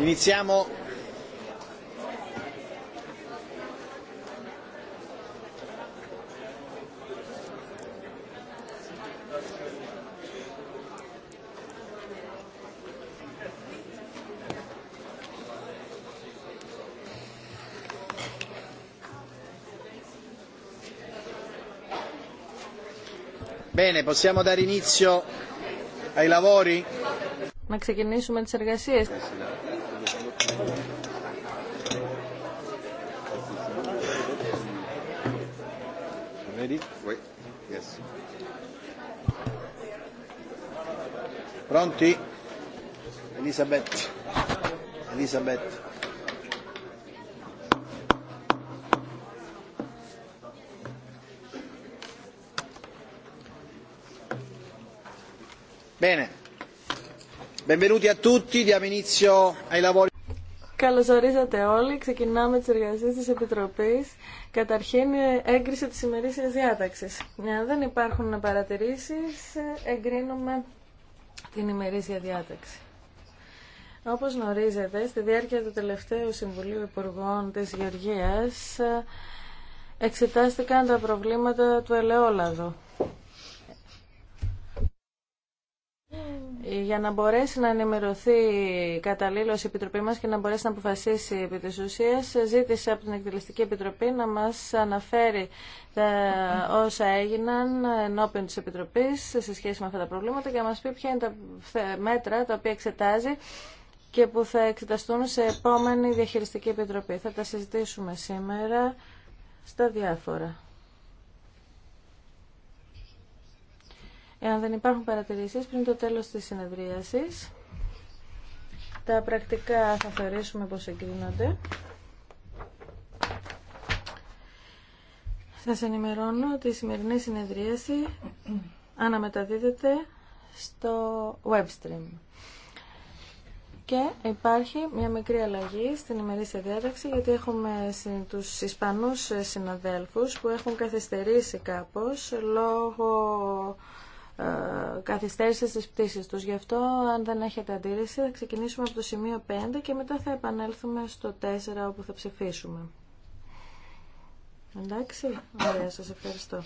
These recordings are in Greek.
Iniziamo. Bene, possiamo dare inizio ai lavori. Να ξεκινήσουμε τις εργασίες. Pronti? Elisabeth. Elisabeth. Bene. Benvenuti a tutti, diamo inizio ai lavori. Καλώς ορίσατε όλοι. Ξεκινάμε τις εργασίες της Επιτροπής. Καταρχήν, ε, έγκριση της ημερήσιας διάταξης. Αν δεν υπάρχουν παρατηρήσεις, ε, εγκρίνουμε την ημερήσια διάταξη. Όπως γνωρίζετε, στη διάρκεια του τελευταίου Συμβουλίου Υπουργών της Γεωργίας εξετάστηκαν τα προβλήματα του ελαιόλαδου. για να μπορέσει να ενημερωθεί καταλήλω η Επιτροπή μας και να μπορέσει να αποφασίσει επί τη ουσία. ζήτησε από την Εκτελεστική Επιτροπή να μας αναφέρει ε, όσα έγιναν ενώπιον τη Επιτροπή σε σχέση με αυτά τα προβλήματα και να μας πει ποια είναι τα μέτρα τα οποία εξετάζει και που θα εξεταστούν σε επόμενη διαχειριστική επιτροπή. Θα τα συζητήσουμε σήμερα στα διάφορα. Εάν δεν υπάρχουν παρατηρήσεις πριν το τέλος της συνεδρίασης, τα πρακτικά θα θεωρήσουμε πως εγκρίνονται. Σας ενημερώνω ότι η σημερινή συνεδρίαση αναμεταδίδεται στο webstream. Και υπάρχει μια μικρή αλλαγή στην ημερήσια διάταξη γιατί έχουμε τους Ισπανούς συναδέλφους που έχουν καθυστερήσει κάπως λόγω ε, καθυστέρησε στις πτήσεις τους. Γι' αυτό, αν δεν έχετε αντίρρηση, θα ξεκινήσουμε από το σημείο 5 και μετά θα επανέλθουμε στο 4 όπου θα ψηφίσουμε. Εντάξει, ωραία, σας ευχαριστώ.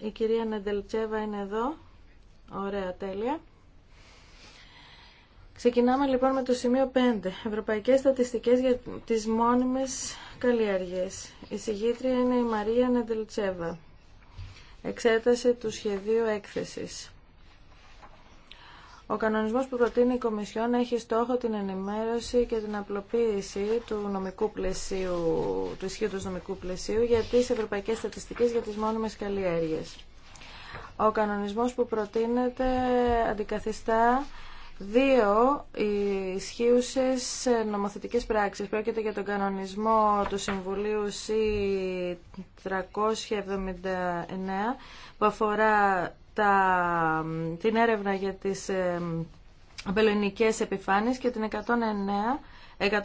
Η κυρία Νεντελτσέβα είναι εδώ. Ωραία, τέλεια. Ξεκινάμε λοιπόν με το σημείο 5. Ευρωπαϊκές στατιστικές για τις μόνιμες καλλιέργειες. Η συγγήτρια είναι η Μαρία Νεντελτσέβα. Εξέταση του σχεδίου έκθεσης. Ο κανονισμός που προτείνει η Κομισιόν έχει στόχο την ενημέρωση και την απλοποίηση του νομικού πλαισίου, του ισχύοντος νομικού πλαισίου για τις ευρωπαϊκές στατιστικές για τις μόνιμες καλλιέργειες. Ο κανονισμός που προτείνεται αντικαθιστά Δύο ισχύουσε νομοθετικέ πράξει. Πρόκειται για τον κανονισμό του Συμβουλίου C379 που αφορά τα, την έρευνα για τι απελοϊνικέ επιφάνειε και την 109, 129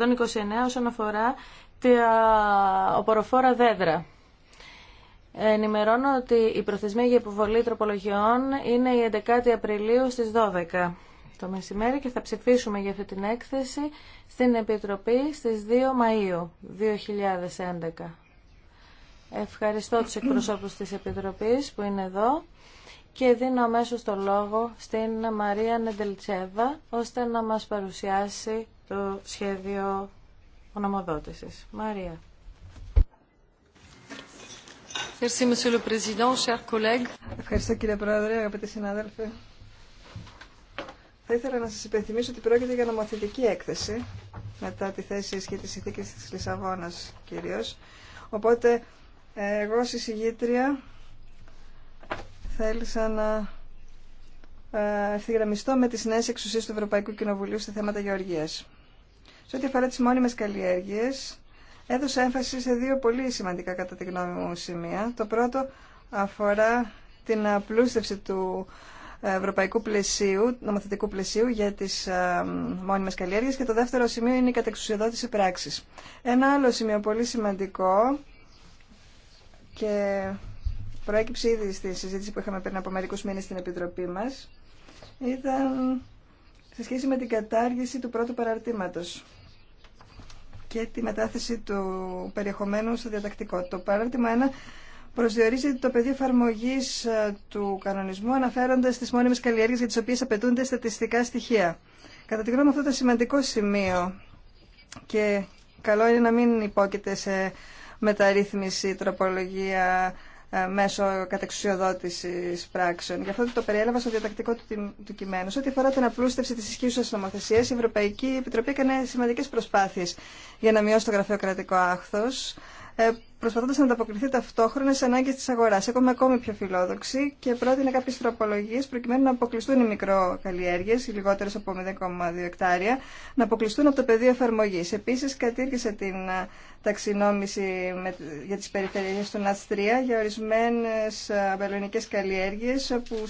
όσον αφορά τα οποροφόρα δέντρα. Ενημερώνω ότι η προθεσμία για υποβολή τροπολογιών είναι η 11η Απριλίου στις 12 το μεσημέρι και θα ψηφίσουμε για αυτή την έκθεση στην Επιτροπή στις 2 Μαΐου 2011. Ευχαριστώ τους εκπροσώπους της Επιτροπής που είναι εδώ και δίνω αμέσως το λόγο στην Μαρία Νεντελτσέβα ώστε να μας παρουσιάσει το σχέδιο ονομοδότησης. Μαρία. Ευχαριστώ κύριε Πρόεδρε, αγαπητοί συνάδελφοι. Θα ήθελα να σα υπενθυμίσω ότι πρόκειται για νομοθετική έκθεση μετά τη θέση ισχύ τη συνθήκης της Λισαβόνας κυρίω. Οπότε εγώ ως εισηγήτρια θέλησα να ε, ευθυγραμμιστώ με τις νέες εξουσίες του Ευρωπαϊκού Κοινοβουλίου σε θέματα γεωργίας. Σε ό,τι αφορά τις μόνιμες καλλιέργειες, έδωσα έμφαση σε δύο πολύ σημαντικά κατά τη γνώμη μου σημεία. Το πρώτο αφορά την απλούστευση του ευρωπαϊκού πλαισίου, νομοθετικού πλαισίου για τις ε, μόνιμες καλλιέργειε και το δεύτερο σημείο είναι η κατεξουσιοδότηση πράξη. Ένα άλλο σημείο πολύ σημαντικό και προέκυψε ήδη στη συζήτηση που είχαμε πριν από μερικού μήνε στην Επιτροπή μας ήταν σε σχέση με την κατάργηση του πρώτου παραρτήματος και τη μετάθεση του περιεχομένου στο διατακτικό. Το παράρτημα 1 προσδιορίζεται το πεδίο εφαρμογή ε, του κανονισμού αναφέροντα τι μόνιμε καλλιέργειε για τι οποίε απαιτούνται στατιστικά στοιχεία. Κατά τη γνώμη μου, αυτό ήταν σημαντικό σημείο και καλό είναι να μην υπόκειται σε μεταρρύθμιση, τροπολογία ε, μέσω κατεξουσιοδότηση πράξεων. Γι' αυτό το περιέλαβα στο διατακτικό του, κειμένου. Σε ό,τι αφορά την απλούστευση τη ισχύουσα νομοθεσία, η Ευρωπαϊκή Επιτροπή έκανε σημαντικέ προσπάθειε για να μειώσει το γραφειοκρατικό άχθο ε, προσπαθώντα να ανταποκριθεί ταυτόχρονα σε ανάγκε τη αγορά. Έχουμε ακόμη πιο φιλόδοξη και πρότεινε κάποιε τροπολογίε προκειμένου να αποκλειστούν οι μικροκαλλιέργειε, οι λιγότερε από 0,2 εκτάρια, να αποκλειστούν από το πεδίο εφαρμογή. Επίση, κατήργησε την ε, ταξινόμηση για τι περιφερειέ του ΝΑΤΣ 3 για ορισμένε ε, αμπελονικέ καλλιέργειε που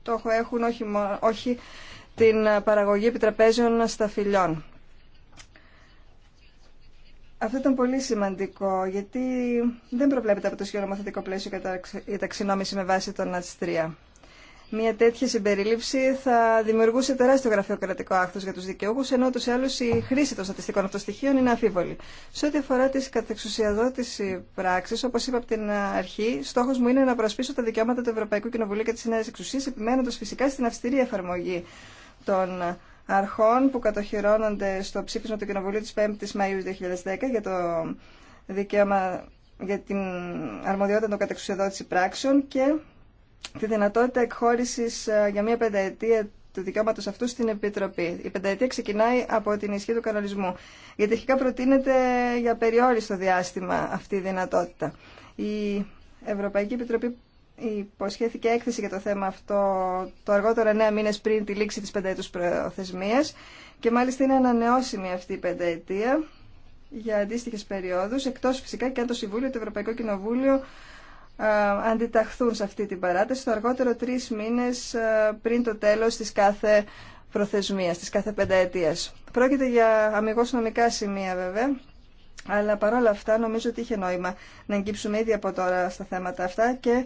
στόχο έχουν όχι, όχι την παραγωγή επιτραπέζιων σταφυλιών. Αυτό ήταν πολύ σημαντικό, γιατί δεν προβλέπεται από το ισχυρό νομοθετικό πλαίσιο η ταξινόμηση με βάση τον ΝΑΤΣ 3. Μία τέτοια συμπερίληψη θα δημιουργούσε τεράστιο γραφειοκρατικό άκθο για του δικαιούχου, ενώ ούτω ή άλλω η χρήση των στατιστικών αυτών είναι αφίβολη. Σε ό,τι αφορά τη κατεξουσιαδότηση πράξη, όπω είπα από την αρχή, στόχο μου είναι να προσπίσω τα δικαιώματα του Ευρωπαϊκού Κοινοβουλίου και τη Νέα Εξουσία, επιμένοντα φυσικά στην αυστηρή εφαρμογή των αρχών που κατοχυρώνονται στο ψήφισμα του Κοινοβουλίου της 5ης Μαΐου 2010 για το δικαίωμα για την αρμοδιότητα των κατεξουσιοδότηση πράξεων και τη δυνατότητα εκχώρησης ε, για μία πενταετία του δικαιώματο αυτού στην Επιτροπή. Η πενταετία ξεκινάει από την ισχύ του κανονισμού. Γιατί αρχικά προτείνεται για περιόριστο διάστημα αυτή η δυνατότητα. Η Ευρωπαϊκή Επιτροπή υποσχέθηκε έκθεση για το θέμα αυτό το αργότερο 9 μήνες πριν τη λήξη της πενταετούς προθεσμίας και μάλιστα είναι ανανεώσιμη αυτή η πενταετία για αντίστοιχε περιόδους εκτός φυσικά και αν το Συμβούλιο, το Ευρωπαϊκό Κοινοβούλιο αντιταχθούν σε αυτή την παράταση το αργότερο τρει μήνες πριν το τέλος της κάθε προθεσμίας, της κάθε πενταετίας. Πρόκειται για αμυγός νομικά σημεία βέβαια, αλλά παρόλα αυτά νομίζω ότι είχε νόημα να εγκύψουμε ήδη από τώρα στα θέματα αυτά και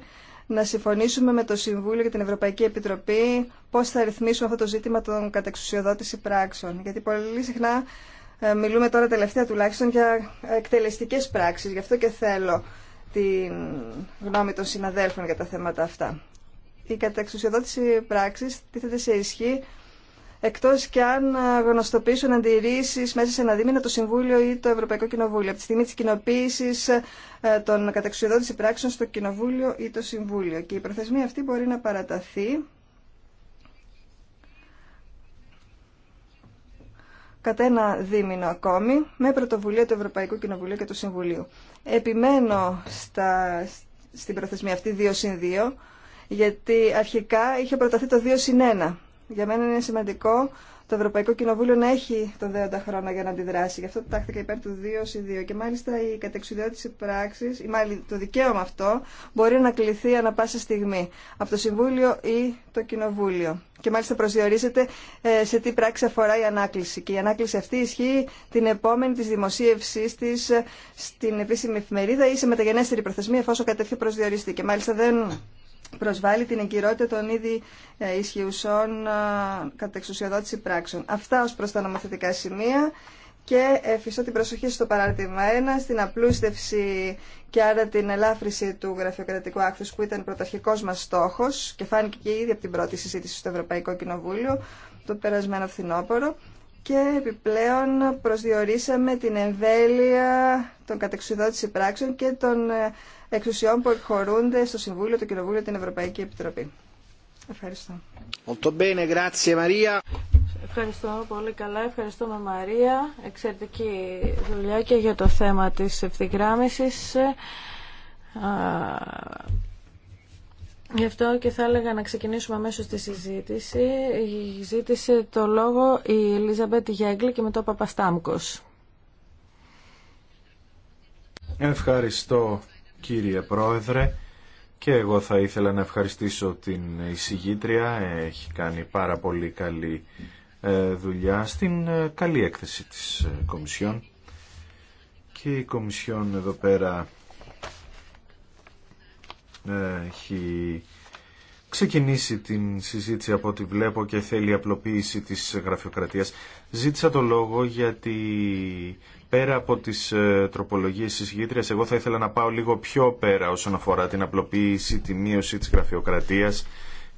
να συμφωνήσουμε με το Συμβούλιο και την Ευρωπαϊκή Επιτροπή πώς θα ρυθμίσουμε αυτό το ζήτημα των κατεξουσιοδότηση πράξεων. Γιατί πολύ συχνά ε, μιλούμε τώρα τελευταία τουλάχιστον για εκτελεστικές πράξεις. Γι' αυτό και θέλω τη γνώμη των συναδέλφων για τα θέματα αυτά. Η κατεξουσιοδότηση πράξη τίθεται σε ισχύ εκτός και αν ε, γνωστοποιήσουν αντιρρήσεις μέσα σε ένα δίμηνο το Συμβούλιο ή το Ευρωπαϊκό Κοινοβούλιο. Από τη στιγμή τη κοινοποίηση ε, των καταξιοδότηση πράξεων στο Κοινοβούλιο ή το Συμβούλιο. Και η προθεσμία αυτή μπορεί να παραταθεί κατά ένα δίμηνο ακόμη με πρωτοβουλία του Ευρωπαϊκού Κοινοβουλίου και του Συμβουλίου. Επιμένω στα, στην προθεσμία αυτή 2 συν 2 γιατί αρχικά είχε προταθεί το 2 συν 1 για μένα είναι σημαντικό το Ευρωπαϊκό Κοινοβούλιο να έχει τον δέοντα χρόνο για να αντιδράσει. Γι' αυτό τάχθηκα υπέρ του 2 2. Και μάλιστα η κατεξουδιώτηση πράξη, ή μάλλον το δικαίωμα αυτό, μπορεί να κληθεί ανα πάσα στιγμή από το Συμβούλιο ή το Κοινοβούλιο. Και μάλιστα προσδιορίζεται ε, σε τι πράξη αφορά η ανάκληση. Και η ανάκληση αυτή ισχύει την επόμενη τη δημοσίευσή τη ε, στην επίσημη εφημερίδα ή σε μεταγενέστερη προθεσμία, εφόσον κάτι Και Μάλιστα δεν προσβάλλει την εγκυρότητα των ήδη ε, ισχυουσών ε, κατά εξουσιοδότηση πράξεων. Αυτά ως προς τα νομοθετικά σημεία και εφιστώ την προσοχή στο παράρτημα 1, στην απλούστευση και άρα την ελάφρυση του γραφειοκρατικού άκθους που ήταν πρωταρχικός μας στόχος και φάνηκε και ήδη από την πρώτη συζήτηση στο Ευρωπαϊκό Κοινοβούλιο το περασμένο φθινόπωρο και επιπλέον προσδιορίσαμε την εμβέλεια των κατεξουδότηση πράξεων και των ε, εξουσιών που εκχωρούνται στο Συμβούλιο, το Κοινοβούλιο την Ευρωπαϊκή Επιτροπή. Ευχαριστώ. Ευχαριστώ πολύ καλά. Ευχαριστούμε Μαρία. Εξαιρετική δουλειά και για το θέμα της ευθυγράμμισης. Γι' αυτό και θα έλεγα να ξεκινήσουμε αμέσως τη συζήτηση. Ζήτησε το λόγο η Ελίζαμπετ Γέγκλη και με ο Παπαστάμκος. Ευχαριστώ κύριε Πρόεδρε. Και εγώ θα ήθελα να ευχαριστήσω την εισηγήτρια. Έχει κάνει πάρα πολύ καλή ε, δουλειά στην ε, καλή έκθεση της ε, Κομισιόν. Και η Κομισιόν εδώ πέρα έχει ξεκινήσει την συζήτηση από ό,τι βλέπω και θέλει απλοποίηση της γραφειοκρατίας. Ζήτησα το λόγο γιατί πέρα από τις ε, τροπολογίες της γήτριας, εγώ θα ήθελα να πάω λίγο πιο πέρα όσον αφορά την απλοποίηση, τη μείωση της γραφειοκρατίας,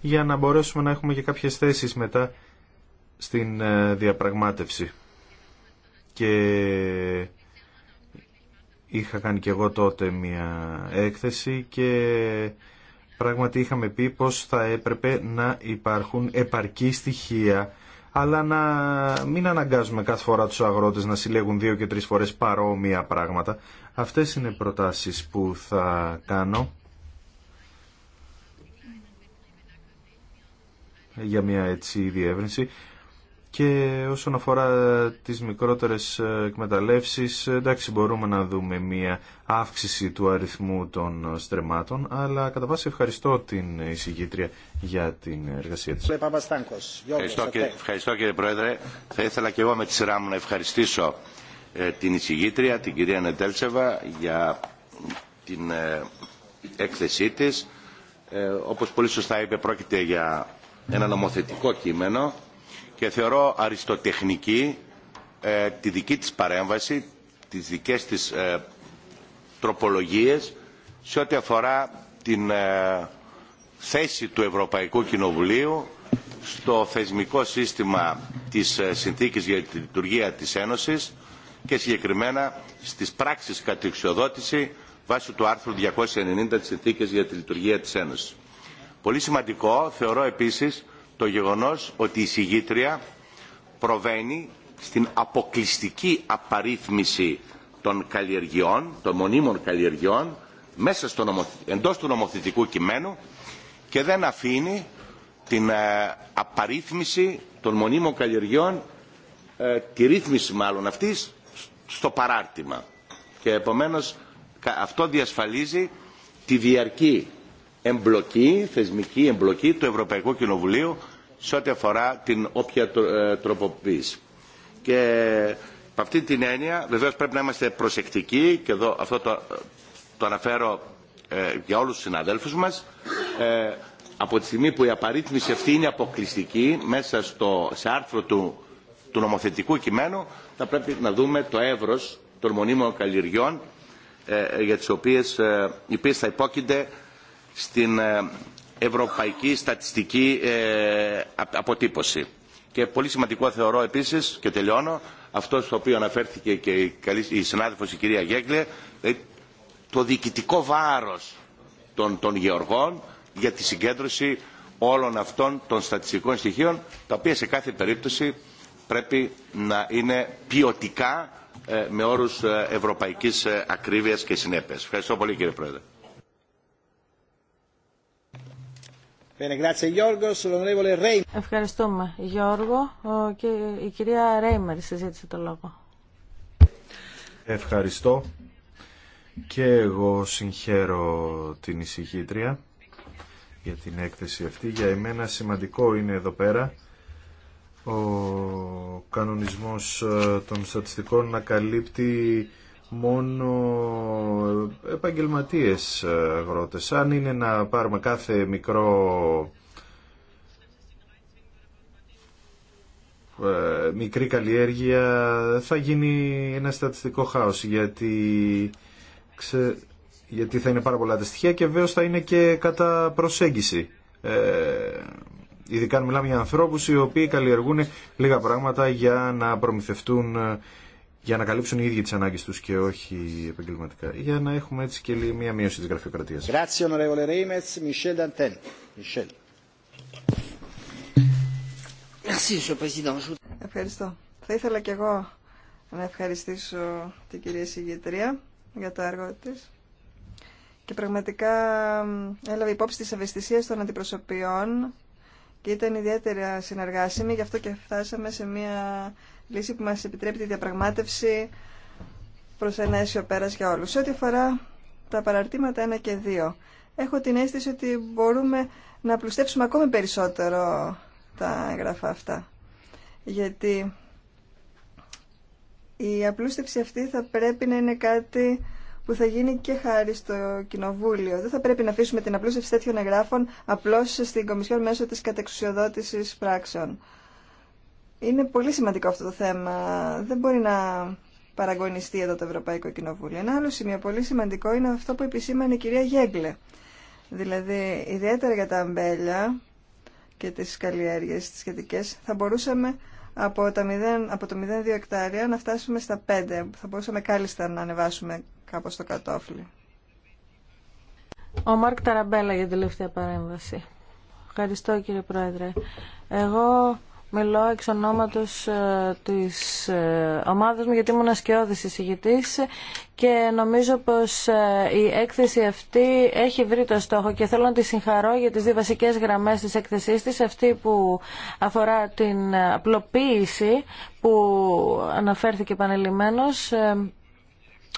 για να μπορέσουμε να έχουμε και κάποιες θέσεις μετά στην ε, διαπραγμάτευση. Και είχα κάνει και εγώ τότε μια έκθεση και Πράγματι είχαμε πει πως θα έπρεπε να υπάρχουν επαρκή στοιχεία αλλά να μην αναγκάζουμε κάθε φορά τους αγρότες να συλλέγουν δύο και τρεις φορές παρόμοια πράγματα. Αυτές είναι προτάσεις που θα κάνω για μια έτσι διεύρυνση. Και όσον αφορά τις μικρότερες ε, εκμεταλλεύσεις, εντάξει μπορούμε να δούμε μία αύξηση του αριθμού των ε, στρεμάτων, αλλά κατά βάση ευχαριστώ την εισηγήτρια για την εργασία της. Ευχαριστώ κύριε, ευχαριστώ κύριε Πρόεδρε. Θα ήθελα και εγώ με τη σειρά μου να ευχαριστήσω ε, την εισηγήτρια, την κυρία Νετέλσεβα, για την έκθεσή της. Όπως πολύ σωστά είπε, πρόκειται για ένα νομοθετικό κείμενο και θεωρώ αριστοτεχνική ε, τη δική της παρέμβαση, τις δικές της ε, τροπολογίες σε ό,τι αφορά την ε, θέση του Ευρωπαϊκού Κοινοβουλίου στο θεσμικό σύστημα της ε, συνθήκης για τη λειτουργία της Ένωσης και συγκεκριμένα στις πράξεις κατηξιοδότηση βάσει του άρθρου 290 της συνθήκης για τη λειτουργία της Ένωσης. Πολύ σημαντικό θεωρώ επίσης το γεγονός ότι η συγγήτρια προβαίνει στην αποκλειστική απαρίθμηση των καλλιεργειών, των μονίμων καλλιεργιών, μέσα στο εντός του νομοθετικού κειμένου και δεν αφήνει την ε, απαρίθμηση των μονίμων καλλιεργειών, ε, τη ρύθμιση μάλλον αυτής, στο παράρτημα. Και επομένως αυτό διασφαλίζει τη διαρκή εμπλοκή, θεσμική εμπλοκή του Ευρωπαϊκού Κοινοβουλίου σε ό,τι αφορά την όποια ε, τροποποίηση. Και με αυτή την έννοια βεβαίως πρέπει να είμαστε προσεκτικοί και εδώ αυτό το, ε, το αναφέρω ε, για όλους τους συναδέλφους μας από τη στιγμή που η απαρίθμηση αυτή είναι αποκλειστική μέσα στο, σε άρθρο του, του νομοθετικού κειμένου θα πρέπει να δούμε το εύρος των μονίμων καλλιεργιών για τις οποίες, οι οποίες θα υπόκεινται στην ευρωπαϊκή στατιστική ε, αποτύπωση. Και πολύ σημαντικό θεωρώ επίσης, και τελειώνω, αυτό στο οποίο αναφέρθηκε και η, καλή, η συνάδελφος η κυρία Γέγκλε, ε, το διοικητικό βάρος των, των γεωργών για τη συγκέντρωση όλων αυτών των στατιστικών στοιχείων, τα οποία σε κάθε περίπτωση πρέπει να είναι ποιοτικά ε, με όρους ευρωπαϊκής ακρίβειας και συνέπειας. Ευχαριστώ πολύ κύριε Πρόεδρε. Ευχαριστούμε Γιώργο. και η κυρία Ρέιμερ συζήτησε το λόγο. Ευχαριστώ. Και εγώ συγχαίρω την εισηγήτρια για την έκθεση αυτή. Για εμένα σημαντικό είναι εδώ πέρα ο κανονισμός ε, των στατιστικών να καλύπτει μόνο επαγγελματίες ε, αγρότες. Αν είναι να πάρουμε κάθε μικρό ε, μικρή καλλιέργεια θα γίνει ένα στατιστικό χάος γιατί, γιατί θα είναι πάρα πολλά τα στοιχεία και βέβαια θα είναι και κατά προσέγγιση. Ε... Ειδικά αν μιλάμε για ανθρώπους οι οποίοι καλλιεργούν λίγα πράγματα για να προμηθευτούν ε, για να καλύψουν οι ίδιοι τις ανάγκες τους και όχι επαγγελματικά. Για να έχουμε έτσι και μία μείωση της γραφειοκρατίας. Ευχαριστώ. Θα ήθελα και εγώ να ευχαριστήσω την κυρία Συγγετρία για το έργο της. Και πραγματικά έλαβε υπόψη της ευαισθησίας των αντιπροσωπιών και ήταν ιδιαίτερα συνεργάσιμη, γι' αυτό και φτάσαμε σε μια λύση που μας επιτρέπει τη διαπραγμάτευση προς ένα αίσιο πέρας για όλους. Σε ό,τι αφορά τα παραρτήματα 1 και 2, έχω την αίσθηση ότι μπορούμε να πλουστεύσουμε ακόμη περισσότερο τα έγγραφα αυτά. Γιατί η απλούστευση αυτή θα πρέπει να είναι κάτι που θα γίνει και χάρη στο Κοινοβούλιο. Δεν θα πρέπει να αφήσουμε την απλούστευση τέτοιων εγγράφων απλώς στην Κομισιόν μέσω της κατεξουσιοδότησης πράξεων. Είναι πολύ σημαντικό αυτό το θέμα. Δεν μπορεί να παραγωνιστεί εδώ το Ευρωπαϊκό Κοινοβούλιο. Ένα άλλο σημείο πολύ σημαντικό είναι αυτό που επισήμανε η κυρία Γέγκλε. Δηλαδή, ιδιαίτερα για τα αμπέλια και τις καλλιέργειες τις σχετικές, θα μπορούσαμε από, τα 0, από το 0,2 εκτάρια να φτάσουμε στα 5. Θα μπορούσαμε κάλλιστα να ανεβάσουμε κάπως το κατόφλι. Ο Μάρκ Ταραμπέλα για τελευταία παρέμβαση. Ευχαριστώ κύριε Πρόεδρε. Εγώ Μιλώ εξ τη ε, της ε, ομάδας μου γιατί ήμουν ασκαιώδης εισηγητής και νομίζω πως ε, η έκθεση αυτή έχει βρει το στόχο και θέλω να τη συγχαρώ για τις δύο βασικές γραμμές της έκθεσής της, αυτή που αφορά την απλοποίηση που αναφέρθηκε Ε,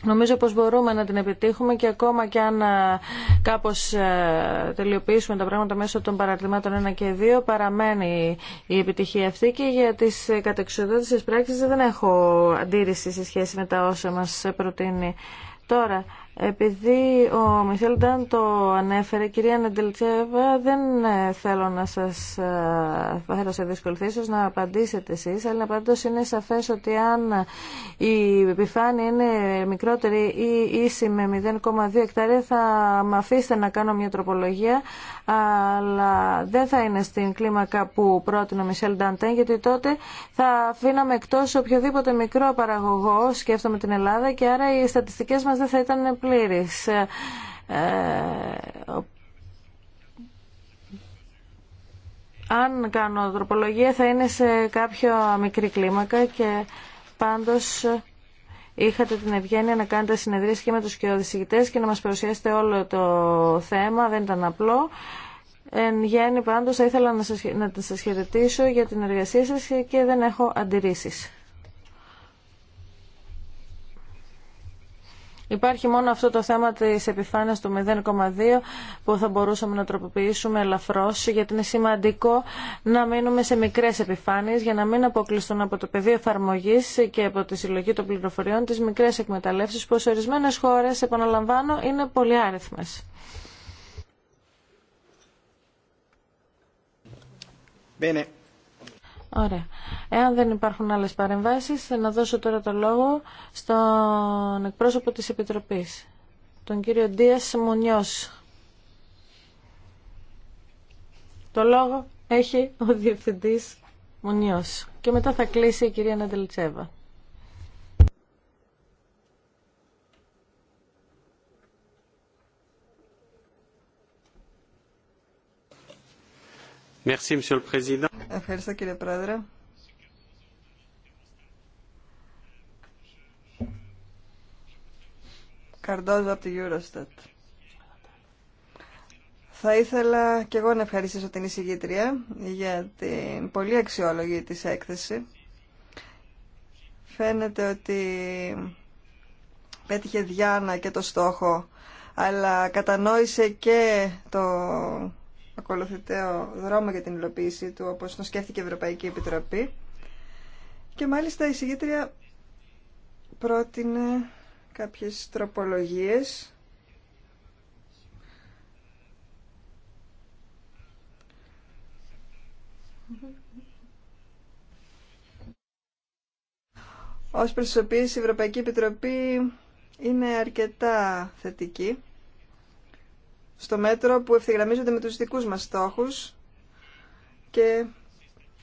Νομίζω πως μπορούμε να την επιτύχουμε και ακόμα και αν ε, κάπως ε, τελειοποιήσουμε τα πράγματα μέσω των παραρτημάτων 1 και 2 παραμένει η επιτυχία αυτή και για τις κατεξοδότησες πράξεις δεν έχω αντίρρηση σε σχέση με τα όσα μας προτείνει τώρα. Επειδή ο Μιχαήλ το ανέφερε, κυρία Νεντελτσέβα, δεν ε, θέλω να σας φέρω ε, σε να απαντήσετε εσείς, αλλά πάντως είναι σαφές ότι αν η επιφάνεια είναι μικρότερη ή ίση με 0,2 εκτάρια, θα με αφήσετε να κάνω μια τροπολογία, αλλά δεν θα είναι στην κλίμακα που πρότεινε ο Μισελ Νταντέν, γιατί τότε θα αφήναμε εκτός οποιοδήποτε μικρό παραγωγό, σκέφτομαι την Ελλάδα, και άρα οι στατιστικές μας δεν θα ήταν πλήρε. Ε, αν κάνω τροπολογία θα είναι σε κάποιο μικρή κλίμακα και πάντως Είχατε την ευγένεια να κάνετε συνεδρίες και με τους κυριοδησηγητές και να μας παρουσιάσετε όλο το θέμα, δεν ήταν απλό. Εν γέννη πάντως θα ήθελα να σας, να σας χαιρετήσω για την εργασία σας και δεν έχω αντιρρήσεις. Υπάρχει μόνο αυτό το θέμα της επιφάνειας του 0,2 που θα μπορούσαμε να τροποποιήσουμε ελαφρώς γιατί είναι σημαντικό να μείνουμε σε μικρές επιφάνειες για να μην αποκλειστούν από το πεδίο εφαρμογή και από τη συλλογή των πληροφοριών τις μικρές εκμεταλλεύσεις που σε ορισμένες χώρες, επαναλαμβάνω, είναι πολυάριθμες. Bene. Ωραία. Εάν δεν υπάρχουν άλλες παρεμβάσεις, θα να δώσω τώρα το λόγο στον εκπρόσωπο της Επιτροπής, τον κύριο Ντίας Μονιός. Το λόγο έχει ο Διευθυντής Μονιός. Και μετά θα κλείσει η κυρία Ναντελτσέβα. Monsieur le Président. Ευχαριστώ κύριε Πρόεδρε. Καρντόζο από Eurostat. Θα ήθελα και εγώ να ευχαριστήσω την εισηγήτρια για την πολύ αξιόλογη της έκθεση. Φαίνεται ότι πέτυχε Διάνα και το στόχο, αλλά κατανόησε και το ακολουθητέο δρόμο για την υλοποίησή του, όπως τον σκέφτηκε η Ευρωπαϊκή Επιτροπή. Και μάλιστα η συγγήτρια πρότεινε κάποιες τροπολογίες ως προς τις οποίες η Ευρωπαϊκή Επιτροπή είναι αρκετά θετική στο μέτρο που ευθυγραμμίζονται με τους δικούς μας στόχους και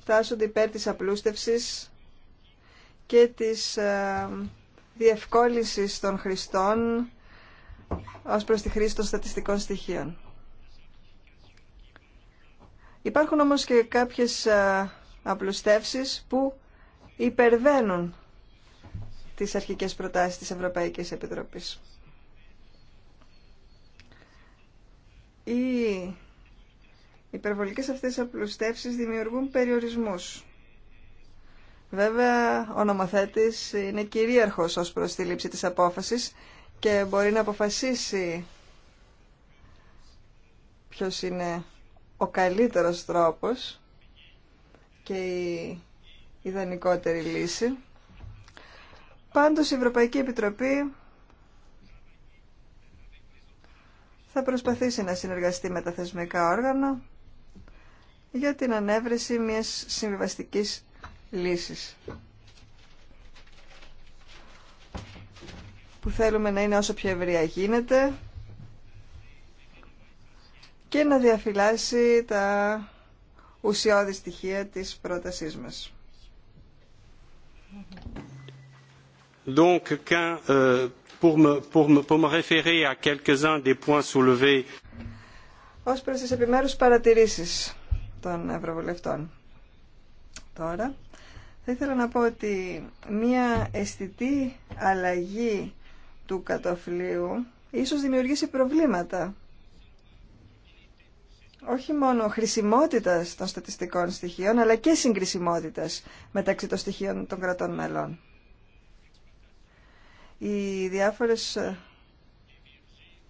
τάσσονται υπέρ της απλούστευσης και της ε, διευκόλυνσης των χρηστών ως προς τη χρήση των στατιστικών στοιχείων. Υπάρχουν όμως και κάποιες ε, απλουστεύσεις που υπερβαίνουν τις αρχικές προτάσεις της Ευρωπαϊκής Επιτροπής. Οι υπερβολικές αυτές απλουστεύσεις δημιουργούν περιορισμούς. Βέβαια, ο νομοθέτης είναι κυρίαρχος ως προς τη λήψη της απόφασης και μπορεί να αποφασίσει ποιος είναι ο καλύτερος τρόπος και η ιδανικότερη λύση. Πάντως η Ευρωπαϊκή Επιτροπή θα προσπαθήσει να συνεργαστεί με τα θεσμικά όργανα για την ανέβρεση μιας συμβιβαστικής λύσης που θέλουμε να είναι όσο πιο ευρία γίνεται και να διαφυλάσει τα ουσιώδη στοιχεία της πρότασής μας. Donc, euh, pour me référer à Ως προς τις επιμέρους παρατηρήσεις των Ευρωβουλευτών. Τώρα, θα ήθελα να πω ότι μια αισθητή αλλαγή του κατοφλίου ίσως δημιουργήσει προβλήματα. Όχι μόνο χρησιμότητας των στατιστικών στοιχείων, αλλά και συγκρισιμότητας μεταξύ των στοιχείων των κρατών μελών οι διάφορες ε,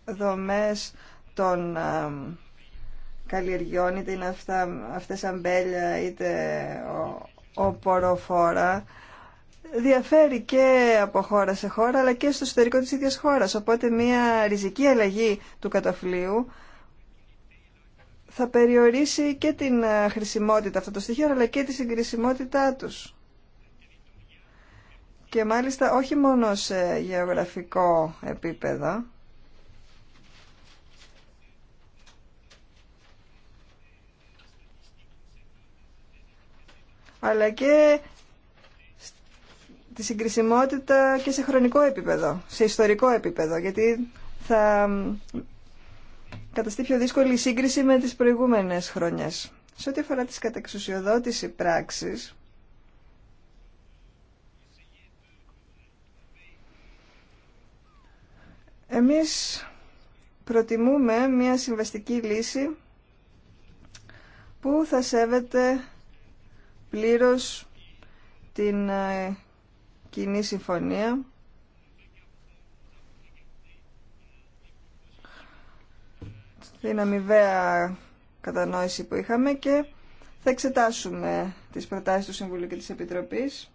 δομές των ε, καλλιεργιών, είτε είναι αυτά, αυτές αμπέλια, είτε ο, ποροφόρα, διαφέρει και από χώρα σε χώρα, αλλά και στο εσωτερικό της ίδιας χώρας. Οπότε μια ριζική αλλαγή του καταφλίου θα περιορίσει και την ε, χρησιμότητα αυτών των στοιχείων, αλλά και τη συγκρισιμότητά τους και μάλιστα όχι μόνο σε γεωγραφικό επίπεδο, αλλά και τη συγκρισιμότητα και σε χρονικό επίπεδο, σε ιστορικό επίπεδο, γιατί θα καταστεί πιο δύσκολη η σύγκριση με τις προηγούμενες χρονιές. Σε ό,τι αφορά τις κατεξουσιοδότηση πράξης, Εμείς προτιμούμε μια συμβαστική λύση που θα σέβεται πλήρως την ε, κοινή συμφωνία την αμοιβαία κατανόηση που είχαμε και θα εξετάσουμε τις προτάσεις του Συμβουλίου και της Επιτροπής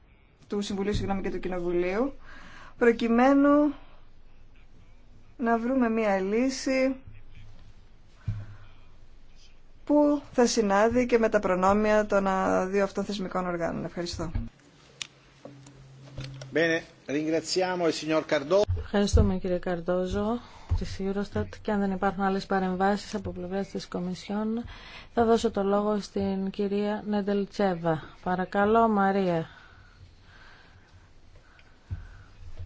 του Συμβουλίου συγγνώμη και του Κοινοβουλίου προκειμένου να βρούμε μία λύση που θα συνάδει και με τα προνόμια των δύο αυτών θεσμικών οργάνων. Ευχαριστώ. Ευχαριστούμε κύριε Καρδόζο τη Eurostat και αν δεν υπάρχουν άλλες παρεμβάσεις από πλευράς της Κομισιόν θα δώσω το λόγο στην κυρία Νεντελτσέβα. Παρακαλώ Μαρία.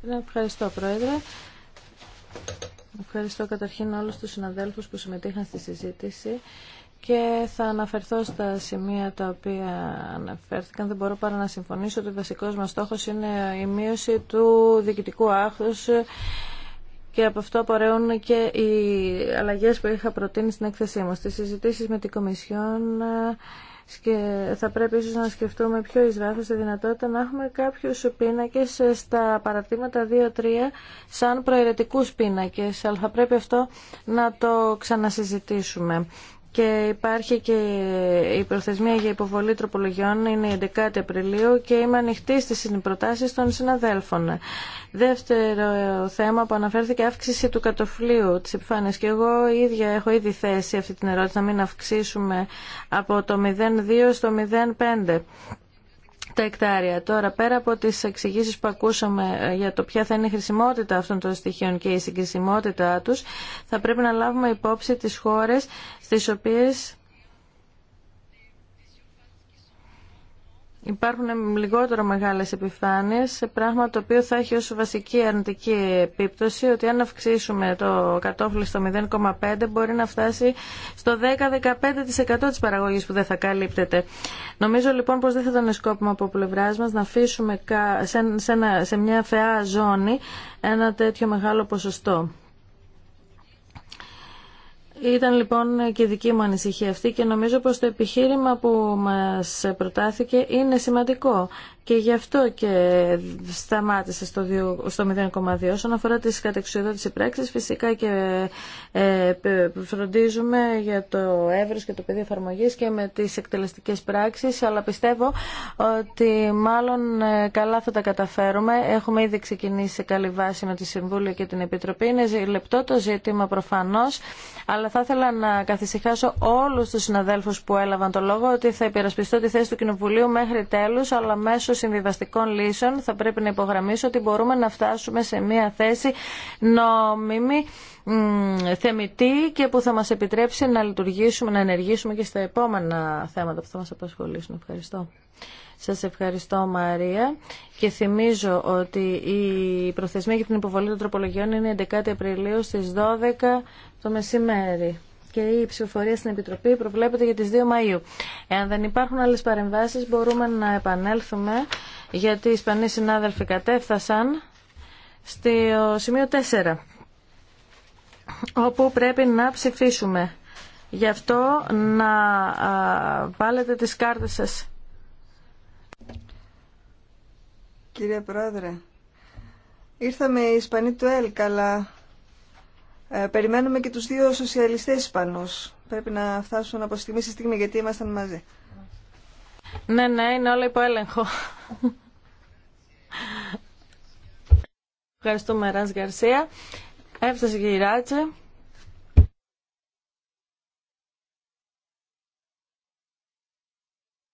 Ναι, ευχαριστώ Πρόεδρε. Ευχαριστώ καταρχήν όλους τους συναδέλφους που συμμετείχαν στη συζήτηση και θα αναφερθώ στα σημεία τα οποία αναφέρθηκαν. Δεν μπορώ παρά να συμφωνήσω ότι ο βασικός μας στόχος είναι η μείωση του διοικητικού άχθους και από αυτό απορρέουν και οι αλλαγές που είχα προτείνει στην έκθεσή μου. Στις συζητήσεις με την Κομισιόν θα πρέπει ίσως να σκεφτούμε πιο εις βάθος τη δυνατότητα να έχουμε κάποιους πίνακες ε, στα παρατήματα 2-3 σαν προαιρετικούς πίνακες, αλλά θα πρέπει αυτό να το ξανασυζητήσουμε και υπάρχει και η προθεσμία για υποβολή τροπολογιών είναι η 11η Απριλίου και είμαι ανοιχτή στι προτάσει των συναδέλφων. Δεύτερο θέμα που αναφέρθηκε αύξηση του κατοφλίου της επιφάνειας και εγώ ίδια έχω ήδη θέσει αυτή την ερώτηση να μην αυξήσουμε από το 0,2 στο 0,5 τα εκτάρια. Τώρα, πέρα από τις εξηγήσει που ακούσαμε ε, για το ποια θα είναι η χρησιμότητα αυτών των στοιχείων και η συγκρισιμότητά του, θα πρέπει να λάβουμε υπόψη τις χώρες στις οποίες υπάρχουν λιγότερο μεγάλες επιφάνειες, πράγμα το οποίο θα έχει ως βασική αρνητική επίπτωση ότι αν αυξήσουμε το κατόφλι στο 0,5 μπορεί να φτάσει στο 10-15% της παραγωγής που δεν θα καλύπτεται. Νομίζω λοιπόν πως δεν θα ήταν σκόπιμο από πλευρά μας να αφήσουμε σε μια φαιά ζώνη ένα τέτοιο μεγάλο ποσοστό. Ήταν λοιπόν και δική μου ανησυχία αυτή και νομίζω πως το επιχείρημα που μας προτάθηκε είναι σημαντικό και γι' αυτό και σταμάτησε στο, 0,2. Όσον αφορά τι κατεξουδότηση πράξει, φυσικά και ε, φροντίζουμε για το εύρος και το πεδίο εφαρμογή και με τι εκτελεστικές πράξει, αλλά πιστεύω ότι μάλλον ε, καλά θα τα καταφέρουμε. Έχουμε ήδη ξεκινήσει σε καλή βάση με τη Συμβούλιο και την Επιτροπή. Είναι λεπτό το ζήτημα προφανώ, αλλά θα ήθελα να καθησυχάσω όλου του συναδέλφου που έλαβαν το λόγο ότι θα υπερασπιστώ τη θέση του Κοινοβουλίου μέχρι τέλου, αλλά μέσω συμβιβαστικών λύσεων θα πρέπει να υπογραμμίσω ότι μπορούμε να φτάσουμε σε μια θέση νόμιμη, θεμητή και που θα μας επιτρέψει να λειτουργήσουμε, να ενεργήσουμε και στα επόμενα θέματα που θα μας απασχολήσουν. Ευχαριστώ. Σας ευχαριστώ Μαρία και θυμίζω ότι η προθεσμία για την υποβολή των τροπολογιών είναι 11 Απριλίου στις 12 το μεσημέρι και η ψηφοφορία στην Επιτροπή προβλέπεται για τις 2 Μαΐου. Εάν δεν υπάρχουν άλλες παρεμβάσεις μπορούμε να επανέλθουμε γιατί οι Ισπανοί συνάδελφοι κατέφθασαν στο σημείο 4 όπου πρέπει να ψηφίσουμε. Γι' αυτό να βάλετε τις κάρτες σας. Κύριε Πρόεδρε, ήρθαμε οι Ισπανοί του ΕΛΚ, αλλά ε, περιμένουμε και τους δύο σοσιαλιστές Ισπανούς. Πρέπει να φτάσουν από στιγμή σε στιγμή γιατί ήμασταν μαζί. Ναι, ναι, είναι όλα υπό έλεγχο. Ευχαριστούμε, Ρας Γκαρσία. Έφτασε και η Ράτσε.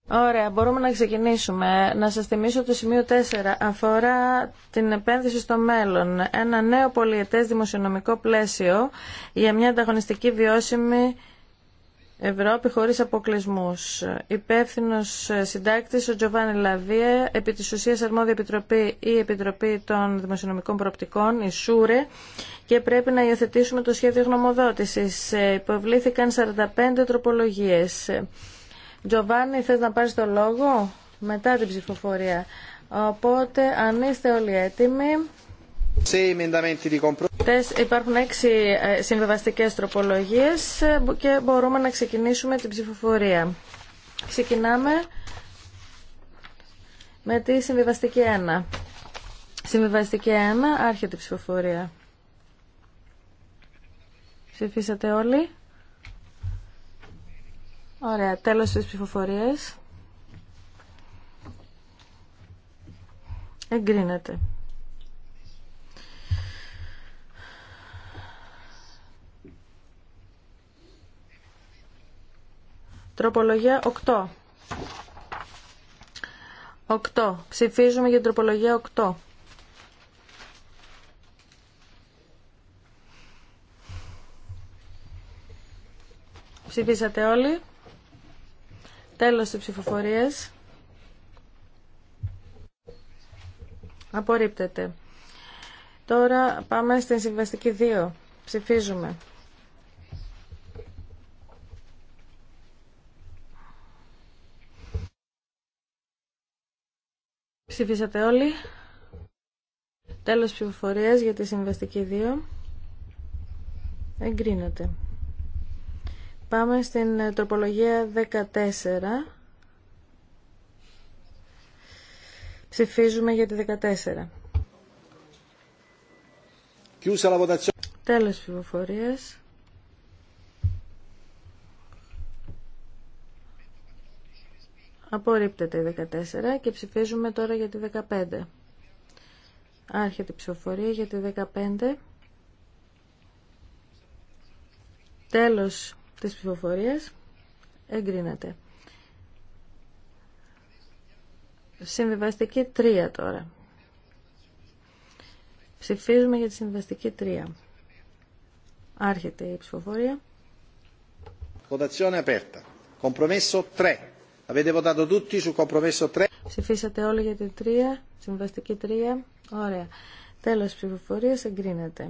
Ωραία, μπορούμε να ξεκινήσουμε. Να σας θυμίσω το σημείο 4 αφορά την επένδυση στο μέλλον. Ένα νέο πολιετές δημοσιονομικό πλαίσιο για μια ανταγωνιστική βιώσιμη Ευρώπη χωρίς αποκλεισμούς. Υπεύθυνο συντάκτης ο Τζοβάνι Λαβία, επί της ουσίας αρμόδια επιτροπή ή επιτροπή των δημοσιονομικών προοπτικών, η ΣΟΥΡΕ, και πρέπει να υιοθετήσουμε το σχέδιο γνωμοδότησης. Υποβλήθηκαν 45 τροπολογίες. Τζοβάνι, θες να πάρεις το λόγο μετά την ψηφοφορία. Οπότε, αν είστε όλοι έτοιμοι... Υπάρχουν έξι ε, συμβεβαστικές τροπολογίες ε, και μπορούμε να ξεκινήσουμε την ψηφοφορία. Ξεκινάμε με τη συμβιβαστική 1. Συμβιβαστική 1, άρχεται η ψηφοφορία. Ψηφίσατε όλοι. Ωραία, τέλος της ψηφοφορίας. Εγκρίνεται. Τροπολογία 8. 8. Ψηφίζουμε για την τροπολογία 8. Ψηφίσατε όλοι. Τέλος της ψηφοφορίας. Απορρίπτεται. Τώρα πάμε στην συμβαστική 2. Ψηφίζουμε. Ψηφίσατε όλοι. Τέλος ψηφοφορίας για τη συμβαστική 2. Εγκρίνεται. Πάμε στην ε, τροπολογία 14. Ψηφίζουμε για τη 14. Τέλος ψηφοφορίας. Απορρίπτεται η 14 και ψηφίζουμε τώρα για τη 15. Άρχεται η ψηφοφορία για τη 15. Τέλος τις ψηφοφορίες εγκρίνεται. Συμβιβαστική 3 τώρα. Ψηφίζουμε για τη συμβιβαστική 3. Άρχεται η ψηφοφορία. Votazione aperta. Compromesso 3. Avete votato tutti su compromesso 3. Ψηφίσατε όλοι για την 3, συμβαστική 3. Ωραία. Τέλος ψηφοφορίας εγκρίνεται.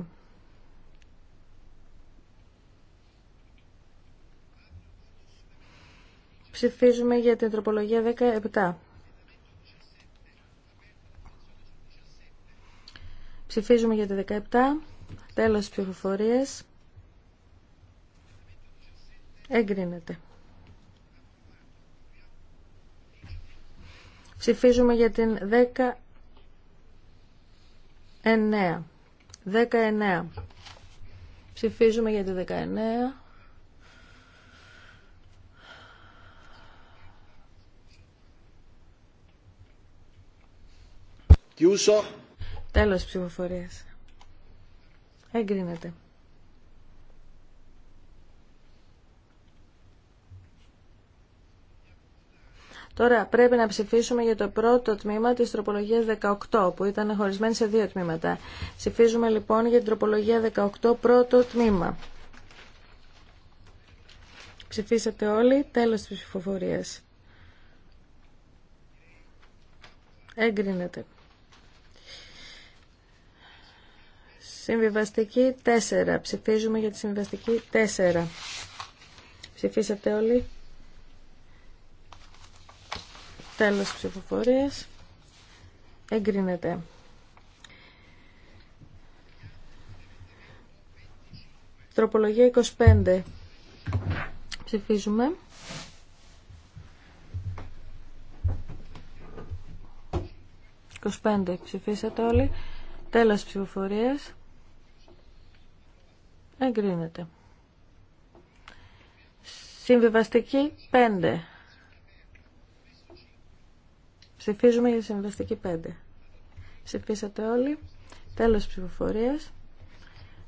Ψηφίζουμε για την τροπολογία 17. Ψηφίζουμε για τη 17. Τέλος ψηφοφορίας. Εγκρίνεται. Ψηφίζουμε για την 19. 19. Ψηφίζουμε για τη 19. Τέλος ψηφοφορίας. Εγκρίνεται. Τώρα πρέπει να ψηφίσουμε για το πρώτο τμήμα της τροπολογίας 18 που ήταν χωρισμένη σε δύο τμήματα. Ψηφίζουμε λοιπόν για την τροπολογία 18 πρώτο τμήμα. Ψηφίσατε όλοι, τέλος της ψηφοφορίας. Εγκρίνεται. Συμβιβαστική 4. Ψηφίζουμε για τη συμβιβαστική 4. Ψηφίσατε όλοι. Τέλος ψηφοφορίας. Εγκρίνεται. Τροπολογία 25. Ψηφίζουμε. Ψηφίσατε όλοι. Τέλος ψηφοφορίας εγκρίνεται. Συμβιβαστική 5. Ψηφίζουμε για συμβιβαστική 5. Ψηφίσατε όλοι. Τέλος ψηφοφορίας.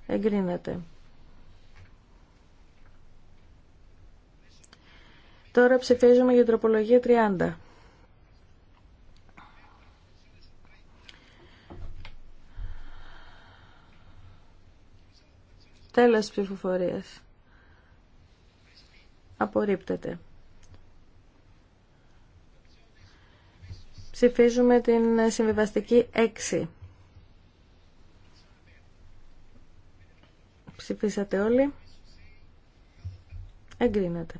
Εγκρίνεται. Τώρα ψηφίζουμε για τροπολογία 30. Τέλος ψηφοφορίας. Απορρίπτεται. Ψηφίζουμε την συμβιβαστική 6. Ψηφίσατε όλοι. Εγκρίνεται.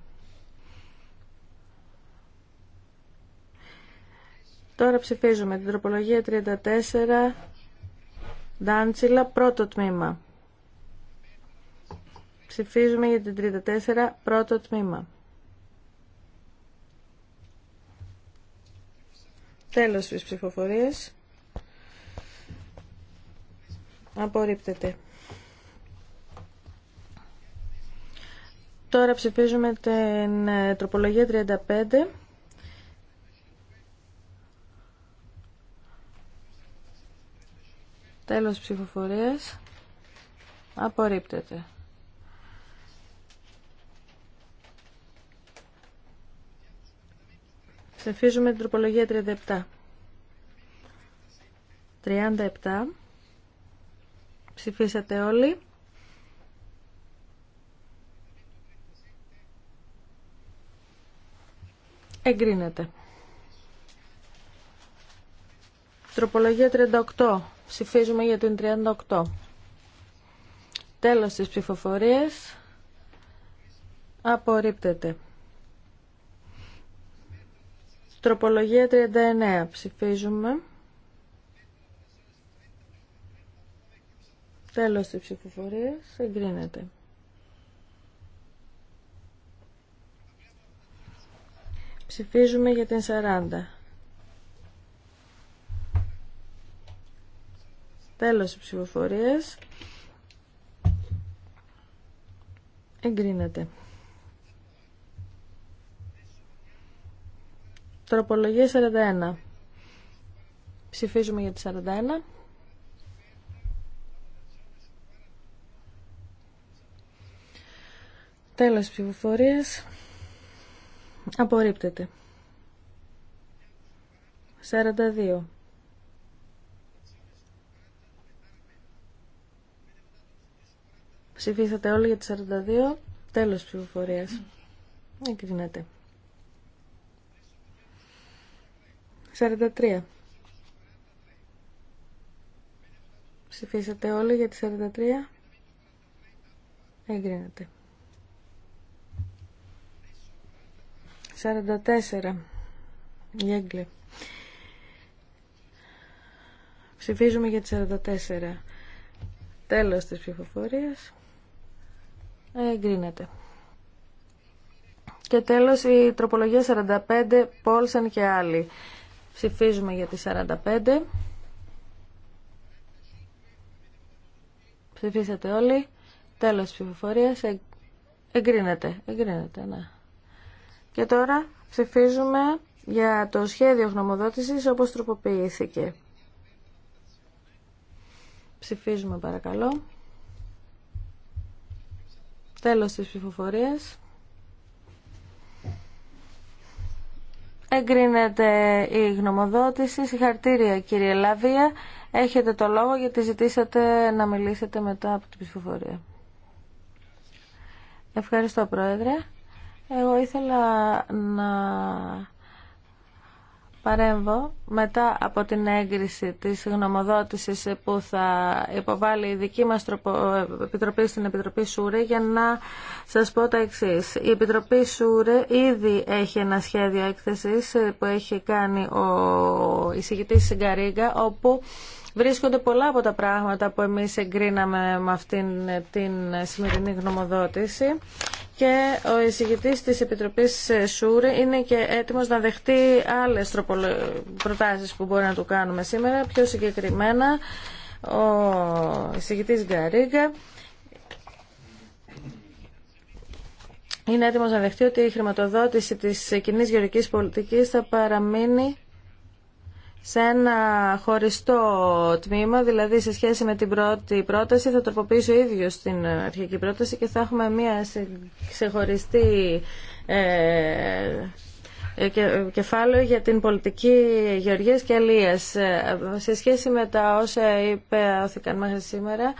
Τώρα ψηφίζουμε την τροπολογία 34, Ντάντσιλα, πρώτο τμήμα. Ψηφίζουμε για την 34 πρώτο τμήμα. Τέλος της ψηφοφορίας. Απορρίπτεται. Τώρα ψηφίζουμε την ε, τροπολογία 35. Τέλος ψηφοφορίας. Απορρίπτεται. Ψηφίζουμε την τροπολογία 37. 37. Ψηφίσατε όλοι. Εγκρίνεται. Τροπολογία 38. Ψηφίζουμε για την 38. Τέλος της ψηφοφορίας. Απορρίπτεται. Τροπολογία 39. Ψηφίζουμε. Τέλος της ψηφοφορίας. Εγκρίνεται. Ψηφίζουμε για την 40. Τέλος της ψηφοφορίας. Εγκρίνεται. Τροπολογία 41. Ψηφίζουμε για τη 41. Τέλος ψηφοφορίας. Απορρίπτεται. 42. Ψηφίσατε όλοι για τη 42. Τέλος ψηφοφορίας. Εγκρινέται. 43. Ψηφίσατε όλοι για τη 43. Εγκρίνετε. 44. Γέγκλε. Ψηφίζουμε για τη 44. Τέλος της ψηφοφορίας. Εγκρίνεται. Και τέλος η τροπολογία 45, Πόλσαν και άλλοι. Ψηφίζουμε για τη 45. Ψηφίσατε όλοι. Τέλος ψηφοφορίας. Ε, εγκρίνεται. Εγκρίνεται, ναι. Και τώρα ψηφίζουμε για το σχέδιο γνωμοδότησης όπως τροποποιήθηκε. Ψηφίζουμε παρακαλώ. Τέλος της ψηφοφορίας. Εγκρίνεται η γνωμοδότηση. Συγχαρτήρια κύριε Λαβία. Έχετε το λόγο γιατί ζητήσατε να μιλήσετε μετά από την ψηφοφορία. Ευχαριστώ Πρόεδρε. Εγώ ήθελα να παρέμβω μετά από την έγκριση της γνωμοδότησης που θα υποβάλει η δική μας Επιτροπή στην Επιτροπή Σούρε για να σας πω τα εξή. Η Επιτροπή Σούρε ήδη έχει ένα σχέδιο έκθεσης που έχει κάνει ο εισηγητής Συγκαρίγκα όπου βρίσκονται πολλά από τα πράγματα που εμείς εγκρίναμε με αυτήν την σημερινή γνωμοδότηση και ο εισηγητή τη Επιτροπή ε, ΣΟΥΡΕ είναι και έτοιμο να δεχτεί άλλε προτάσει που μπορεί να του κάνουμε σήμερα. Πιο συγκεκριμένα, ο εισηγητή Γκαρίγκα είναι έτοιμος να δεχτεί ότι η χρηματοδότηση της κοινή γεωργικής πολιτικής θα παραμείνει σε ένα χωριστό τμήμα, δηλαδή σε σχέση με την πρώτη πρόταση θα τροποποιήσω ίδιο την αρχική πρόταση και θα έχουμε μια ξεχωριστή ε, ε, κεφάλαιο για την πολιτική γεωργίας και αλίας. Ε, σε σχέση με τα όσα είπε μέχρι σήμερα,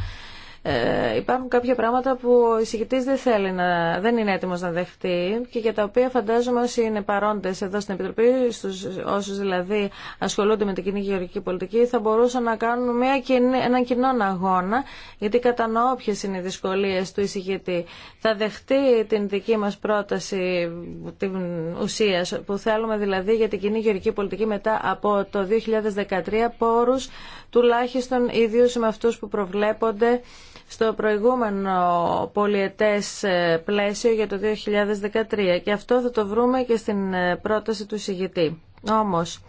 ε, υπάρχουν κάποια πράγματα που ο εισηγητή δεν να, δεν είναι έτοιμο να δεχτεί και για τα οποία φαντάζομαι όσοι είναι παρόντε εδώ στην Επιτροπή, στους, όσους δηλαδή ασχολούνται με την κοινή γεωργική πολιτική, θα μπορούσαν να κάνουν μια, έναν κοινό αγώνα, γιατί κατανοώ ποιε είναι οι δυσκολίε του εισηγητή. Θα δεχτεί την δική μα πρόταση την ουσία που θέλουμε δηλαδή για την κοινή γεωργική πολιτική μετά από το 2013 πόρους τουλάχιστον ιδίου με αυτούς που προβλέπονται στο προηγούμενο πολιετές ε, πλαίσιο για το 2013 και αυτό θα το βρούμε και στην ε, πρόταση του συγητή. Όμως,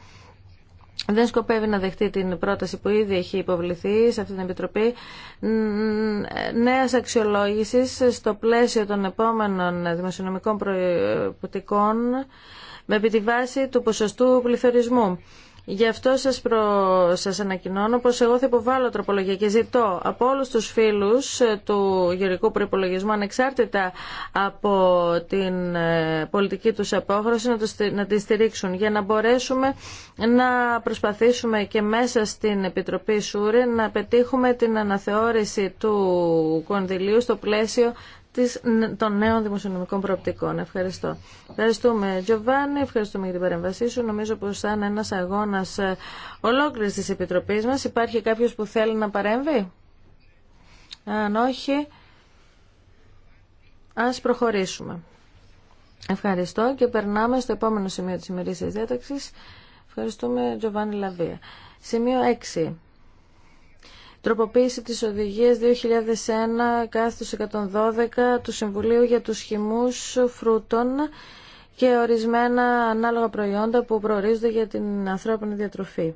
δεν σκοπεύει να δεχτεί την πρόταση που ήδη έχει υποβληθεί σε αυτή την Επιτροπή νέας αξιολόγησης στο πλαίσιο των επόμενων δημοσιονομικών προϋποτικών με τη βάση του ποσοστού πληθωρισμού. Γι' αυτό σας, προ... σας ανακοινώνω πω εγώ θα υποβάλω τροπολογία και ζητώ από όλου τους φίλους ε, του γερικού προπολογισμού ανεξάρτητα από την ε, πολιτική τους απόχρωση να, το... να τη στηρίξουν για να μπορέσουμε να προσπαθήσουμε και μέσα στην Επιτροπή Σούρη να πετύχουμε την αναθεώρηση του κονδυλίου στο πλαίσιο της, των νέων δημοσιονομικών προοπτικών. Ευχαριστώ. Ευχαριστούμε, Τζοβάνι, ευχαριστούμε για την παρέμβασή σου. Νομίζω πω σαν ένας αγώνας ε, ολόκληρη τη επιτροπή μα. υπάρχει κάποιος που θέλει να παρέμβει. Αν όχι, ας προχωρήσουμε. Ευχαριστώ και περνάμε στο επόμενο σημείο της ημερήσια διάταξης. Ευχαριστούμε, Τζοβάνι Λαβία. Σημείο 6 τροποποίηση της οδηγίας 2001 κάθετος 112 του Συμβουλίου για τους χυμούς φρούτων και ορισμένα ανάλογα προϊόντα που προορίζονται για την ανθρώπινη διατροφή.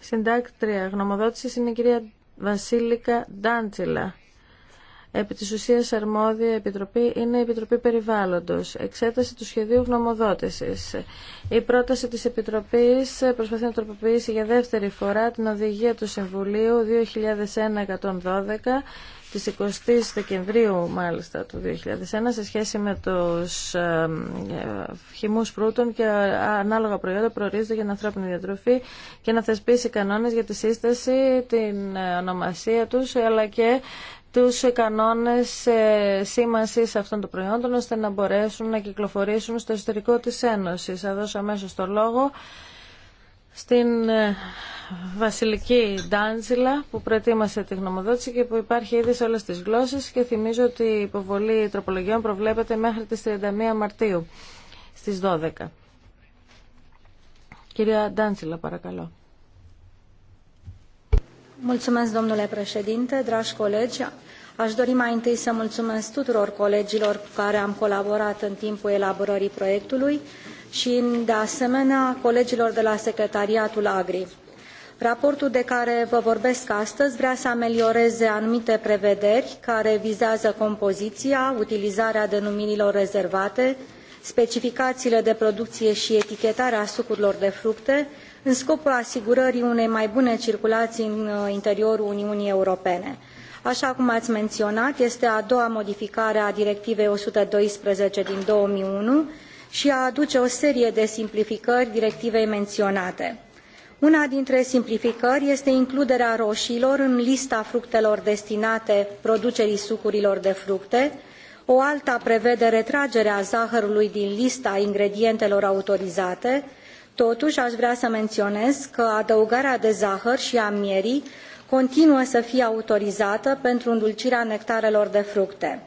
Συντάκτρια γνωμοδότησης είναι η κυρία Βασίλικα Ντάντσιλα επί της ουσίας αρμόδια επιτροπή είναι η Επιτροπή Περιβάλλοντος. Εξέταση του σχεδίου γνωμοδότησης. Η πρόταση της Επιτροπής προσπαθεί να τροποποιήσει για δεύτερη φορά την οδηγία του Συμβουλίου 2001-112 της 20 Δεκεμβρίου μάλιστα του 2001 σε σχέση με τους ε, χυμούς και ανάλογα προϊόντα προορίζονται για την ανθρώπινη διατροφή και να θεσπίσει κανόνες για τη σύσταση, την ονομασία τους αλλά και τους κανόνες ε, σήμανσης αυτών των προϊόντων ώστε να μπορέσουν να κυκλοφορήσουν στο εσωτερικό της Ένωσης. Θα δώσω αμέσως το λόγο στην ε, Βασιλική Ντάντζιλα που προετοίμασε τη γνωμοδότηση και που υπάρχει ήδη σε όλες τις γλώσσες και θυμίζω ότι η υποβολή τροπολογιών προβλέπεται μέχρι τις 31 Μαρτίου στις 12. Κυρία Ντάντζιλα παρακαλώ. Mulțumesc, domnule președinte, dragi colegi. Aș dori mai întâi să mulțumesc tuturor colegilor cu care am colaborat în timpul elaborării proiectului și, de asemenea, colegilor de la Secretariatul Agri. Raportul de care vă vorbesc astăzi vrea să amelioreze anumite prevederi care vizează compoziția, utilizarea denumirilor rezervate, specificațiile de producție și etichetarea sucurilor de fructe, în scopul asigurării unei mai bune circulații în interiorul Uniunii Europene. Așa cum ați menționat, este a doua modificare a Directivei 112 din 2001 și a aduce o serie de simplificări directivei menționate. Una dintre simplificări este includerea roșilor în lista fructelor destinate producerii sucurilor de fructe, o alta prevede retragerea zahărului din lista ingredientelor autorizate, Totuși, aș vrea să menționez că adăugarea de zahăr și a mierii continuă să fie autorizată pentru îndulcirea nectarelor de fructe.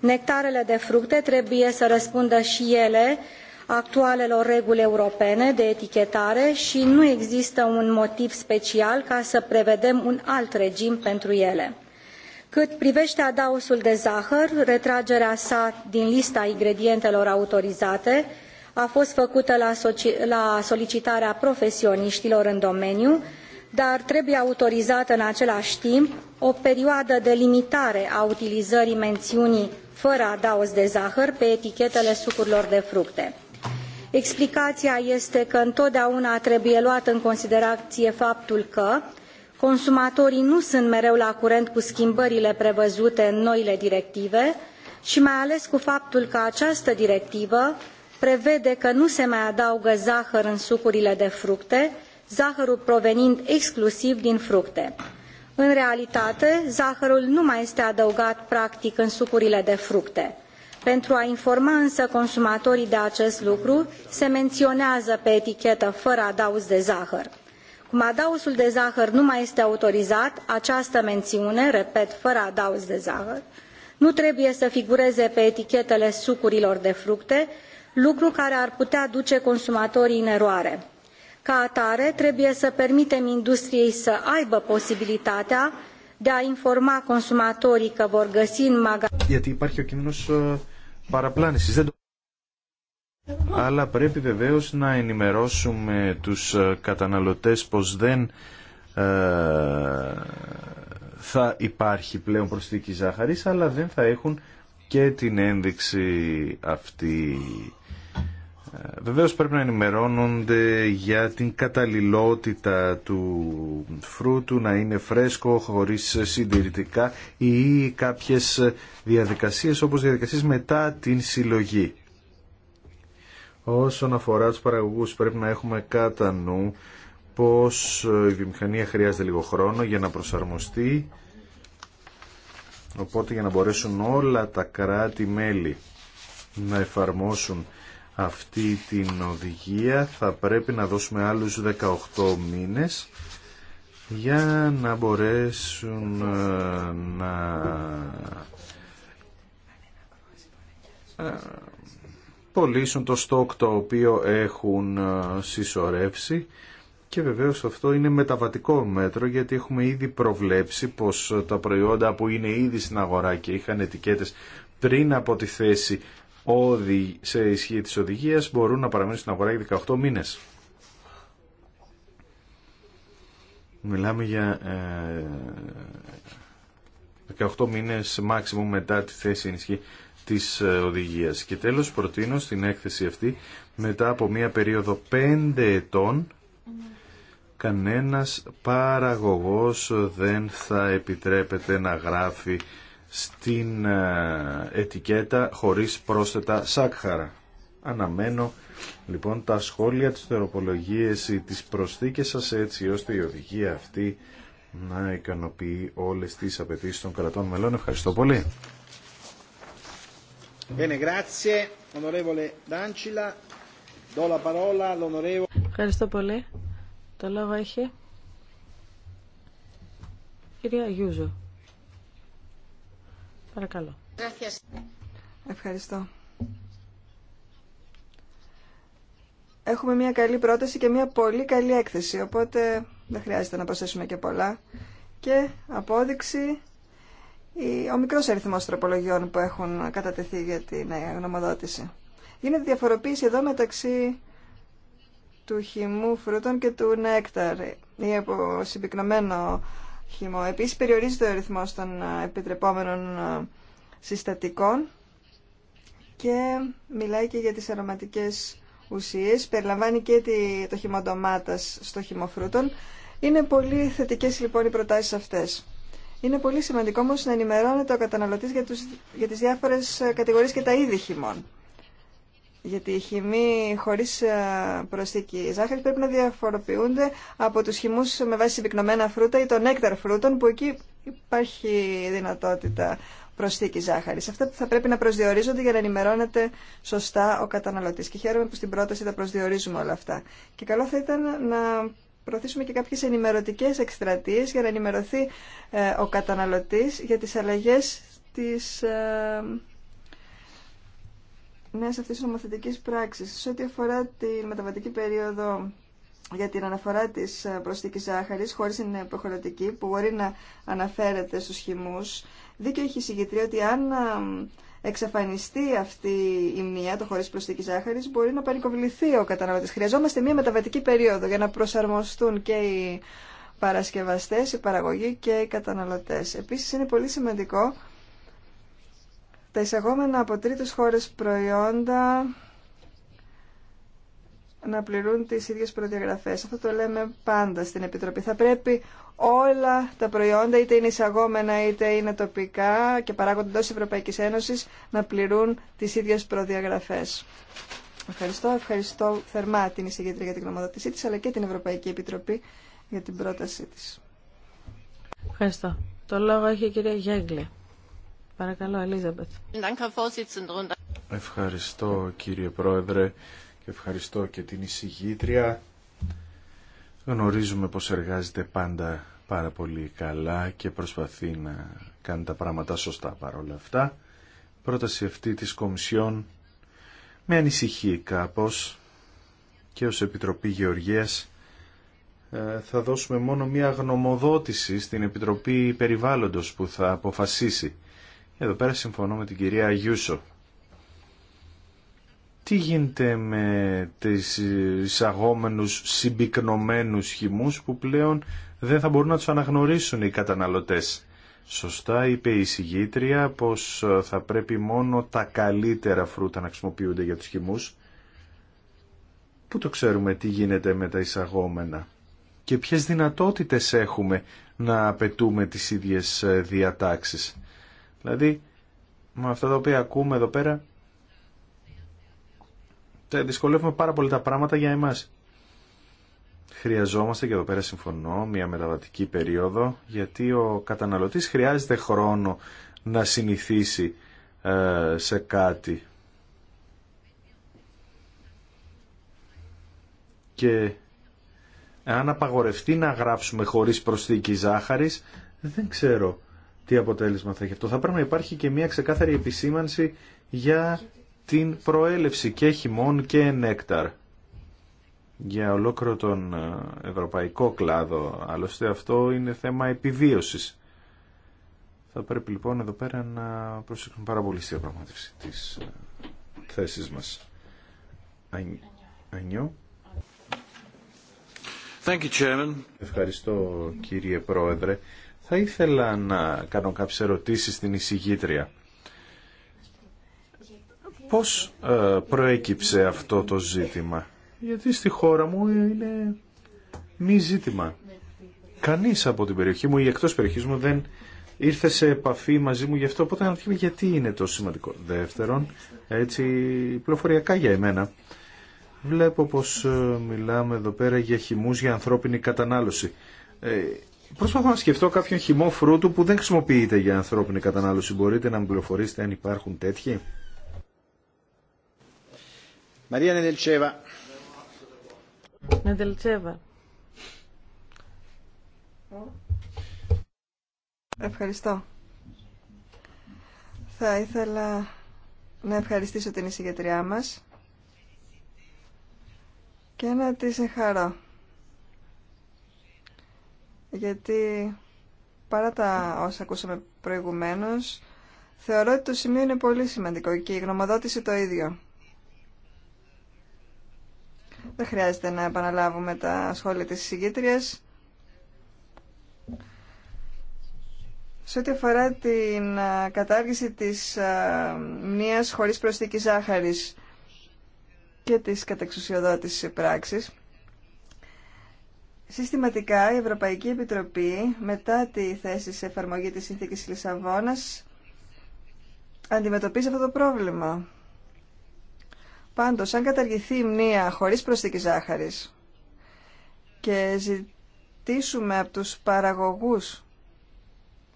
Nectarele de fructe trebuie să răspundă și ele actualelor reguli europene de etichetare și nu există un motiv special ca să prevedem un alt regim pentru ele. Cât privește adausul de zahăr, retragerea sa din lista ingredientelor autorizate a fost făcută la solicitarea profesioniștilor în domeniu, dar trebuie autorizată în același timp o perioadă de limitare a utilizării mențiunii fără adaos de zahăr pe etichetele sucurilor de fructe. Explicația este că întotdeauna trebuie luat în considerație faptul că consumatorii nu sunt mereu la curent cu schimbările prevăzute în noile directive și mai ales cu faptul că această directivă prevede că nu se mai adaugă zahăr în sucurile de fructe, zahărul provenind exclusiv din fructe. În realitate, zahărul nu mai este adăugat practic în sucurile de fructe. Pentru a informa însă consumatorii de acest lucru, se menționează pe etichetă fără adaus de zahăr. Cum adausul de zahăr nu mai este autorizat, această mențiune, repet, fără adaus de zahăr, nu trebuie să figureze pe etichetele sucurilor de fructe, lucru care ar putea duce consumatorii în eroare. Ca atare, trebuie să permitem industriei să aibă posibilitatea de a informa consumatorii că vor găsi în magazin. Γιατί υπάρχει ο κίνδυνος ε, παραπλάνησης. Αλλά πρέπει βεβαίως να ενημερώσουμε τους ε, καταναλωτές πως δεν ε, θα υπάρχει πλέον προσθήκη ζάχαρης, αλλά δεν θα έχουν και την ένδειξη αυτή ε, Βεβαίω πρέπει να ενημερώνονται για την καταλληλότητα του φρούτου, να είναι φρέσκο, χωρίς συντηρητικά ή κάποιες διαδικασίες όπως διαδικασίες μετά την συλλογή. Όσον αφορά τους παραγωγούς πρέπει να έχουμε κατά νου πως ε, η βιομηχανία χρειάζεται λίγο χρόνο για να προσαρμοστεί οπότε για να μπορέσουν όλα τα κράτη-μέλη να εφαρμόσουν αυτή την οδηγία θα πρέπει να δώσουμε άλλους 18 μήνες για να μπορέσουν ε, να ε, πωλήσουν το στόκ το οποίο έχουν ε, συσσωρεύσει και βεβαίως αυτό είναι μεταβατικό μέτρο γιατί έχουμε ήδη προβλέψει πως τα προϊόντα που είναι ήδη στην αγορά και είχαν ετικέτες πριν από τη θέση όδη, σε ισχύ της οδηγίας μπορούν να παραμείνουν στην αγορά για 18 μήνες. Μιλάμε για 18 ε, μήνες μάξιμου μετά τη θέση ενισχύ της ε, οδηγίας. Και τέλος προτείνω στην έκθεση αυτή μετά από μία περίοδο 5 ετών κανένας παραγωγός δεν θα επιτρέπεται να γράφει στην ε, ετικέτα χωρίς πρόσθετα σάκχαρα. Αναμένω λοιπόν τα σχόλια, της θεροπολογίες ή τις προσθήκες σας έτσι ώστε η οδηγία αυτή να ικανοποιεί όλες τις απαιτήσει των κρατών μελών. Ευχαριστώ πολύ. Ευχαριστώ πολύ. Το λόγο έχει κυρία Γιούζο. Παρακαλώ. Ευχαριστώ. Έχουμε μια καλή πρόταση και μια πολύ καλή έκθεση, οπότε δεν χρειάζεται να προσθέσουμε και πολλά. Και απόδειξη ο μικρός αριθμός τροπολογιών που έχουν κατατεθεί για την γνωμοδότηση. Γίνεται διαφοροποίηση εδώ μεταξύ του χυμού φρούτων και του νέκταρ ή από συμπυκνωμένο χυμό. Επίσης περιορίζεται ο αριθμό των ε, επιτρεπόμενων ε, συστατικών και μιλάει και για τις αρωματικές ουσίες. Περιλαμβάνει και το χυμό ντομάτας στο χυμό φρούτων. Είναι πολύ θετικές λοιπόν οι προτάσεις αυτές. Είναι πολύ σημαντικό όμω να ενημερώνεται ο καταναλωτής για, τις για τι διάφορε κατηγορίε και τα είδη χυμών. Γιατί οι χυμοί χωρίς ε, προσθήκη ζάχαρη πρέπει να διαφοροποιούνται από τους χυμούς με βάση συμπυκνωμένα φρούτα ή τον νέκταρ φρούτων που εκεί υπάρχει δυνατότητα προσθήκη ζάχαρης. Αυτά θα πρέπει να προσδιορίζονται για να ενημερώνεται σωστά ο καταναλωτής. Και χαίρομαι που στην πρόταση τα προσδιορίζουμε όλα αυτά. Και καλό θα ήταν να προωθήσουμε και κάποιες ενημερωτικές εκστρατείες για να ενημερωθεί ε, ο καταναλωτής για τις αλλαγές της ε, νέας αυτής της νομοθετικής πράξης. Σε ό,τι αφορά τη μεταβατική περίοδο για την αναφορά της ε, προσθήκης ζάχαρης, χωρίς την ε, υποχρεωτική, που μπορεί να αναφέρεται στους χυμούς, δίκαιο έχει συγκεκριθεί ότι αν ε, εξαφανιστεί αυτή η μία, το χωρίς προσθήκη ζάχαρης, μπορεί να πανικοβληθεί ο καταναλωτής. Χρειαζόμαστε μία μεταβατική περίοδο για να προσαρμοστούν και οι παρασκευαστές, οι παραγωγοί και οι καταναλωτές. Επίσης είναι πολύ σημαντικό τα εισαγόμενα από τρίτες χώρες προϊόντα να πληρούν τις ίδιες προδιαγραφές. Αυτό το λέμε πάντα στην Επιτροπή. Θα πρέπει όλα τα προϊόντα, είτε είναι εισαγόμενα είτε είναι τοπικά και παράγονται εντός Ευρωπαϊκής Ένωσης, να πληρούν τις ίδιες προδιαγραφές. Ευχαριστώ, ευχαριστώ θερμά την εισηγήτρια για την γνωμοδότησή της, αλλά και την Ευρωπαϊκή Επιτροπή για την πρότασή της. Ευχαριστώ. Το λόγο έχει η κυρία Γέγκλη. Παρακαλώ, Ευχαριστώ κύριε Πρόεδρε και ευχαριστώ και την εισηγήτρια. Γνωρίζουμε πως εργάζεται πάντα πάρα πολύ καλά και προσπαθεί να κάνει τα πράγματα σωστά παρόλα αυτά. Πρόταση αυτή της Κομισιόν με ανησυχεί κάπως και ως Επιτροπή Γεωργίας ε, θα δώσουμε μόνο μία γνωμοδότηση στην Επιτροπή Περιβάλλοντος που θα αποφασίσει εδώ πέρα συμφωνώ με την κυρία Αγιούσο. Τι γίνεται με τις εισαγόμενους συμπυκνωμένους χυμούς που πλέον δεν θα μπορούν να τους αναγνωρίσουν οι καταναλωτές. Σωστά είπε η συγγήτρια πως θα πρέπει μόνο τα καλύτερα φρούτα να χρησιμοποιούνται για τους χυμούς. Πού το ξέρουμε τι γίνεται με τα εισαγόμενα και ποιες δυνατότητες έχουμε να απαιτούμε τις ίδιες διατάξεις. Δηλαδή, με αυτά τα οποία ακούμε εδώ πέρα, τα δυσκολεύουμε πάρα πολύ τα πράγματα για εμάς. Χρειαζόμαστε, και εδώ πέρα συμφωνώ, μια μεταβατική περίοδο, γιατί ο καταναλωτής χρειάζεται χρόνο να συνηθίσει ε, σε κάτι. Και αν απαγορευτεί να γράψουμε χωρίς προσθήκη ζάχαρης, δεν ξέρω τι αποτέλεσμα θα έχει αυτό. Θα πρέπει να υπάρχει και μια ξεκάθαρη επισήμανση για την προέλευση και χυμών και νέκταρ. Για ολόκληρο τον ε, ευρωπαϊκό κλάδο. Άλλωστε αυτό είναι θέμα επιβίωσης. Θα πρέπει λοιπόν εδώ πέρα να προσέξουμε πάρα πολύ στη διαπραγμάτευση της ε, θέσης μας. Ανιώ. Ευχαριστώ κύριε Πρόεδρε. Θα ήθελα να κάνω κάποιες ερωτήσεις στην εισηγήτρια. Πώς ε, προέκυψε αυτό το ζήτημα. Γιατί στη χώρα μου είναι μη ζήτημα. Κανείς από την περιοχή μου ή εκτός περιοχής μου δεν ήρθε σε επαφή μαζί μου γι' αυτό. Οπότε αναρωτιέμαι γιατί είναι τόσο σημαντικό. Δεύτερον, έτσι πληροφοριακά για εμένα. Βλέπω πως ε, μιλάμε εδώ πέρα για χυμούς για ανθρώπινη κατανάλωση. Ε, Προσπαθώ να σκεφτώ κάποιον χυμό φρούτου που δεν χρησιμοποιείται για ανθρώπινη κατανάλωση. Μπορείτε να μου πληροφορήσετε αν υπάρχουν τέτοιοι. Μαρία Ευχαριστώ. Θα ήθελα να ευχαριστήσω την εισηγετριά μας και να της ευχαρώ γιατί παρά τα όσα ακούσαμε προηγουμένως, θεωρώ ότι το σημείο είναι πολύ σημαντικό και η γνωμοδότηση το ίδιο. Δεν χρειάζεται να επαναλάβουμε τα σχόλια της συγκήτριας. Σε ό,τι αφορά την κατάργηση της μνήας χωρίς προσθήκη ζάχαρης και της κατεξουσιοδότησης πράξης, Συστηματικά η Ευρωπαϊκή Επιτροπή μετά τη θέση σε εφαρμογή της Συνθήκης Λισαβόνας αντιμετωπίζει αυτό το πρόβλημα. Πάντως, αν καταργηθεί η μνήα χωρίς προσθήκη ζάχαρης και ζητήσουμε από τους παραγωγούς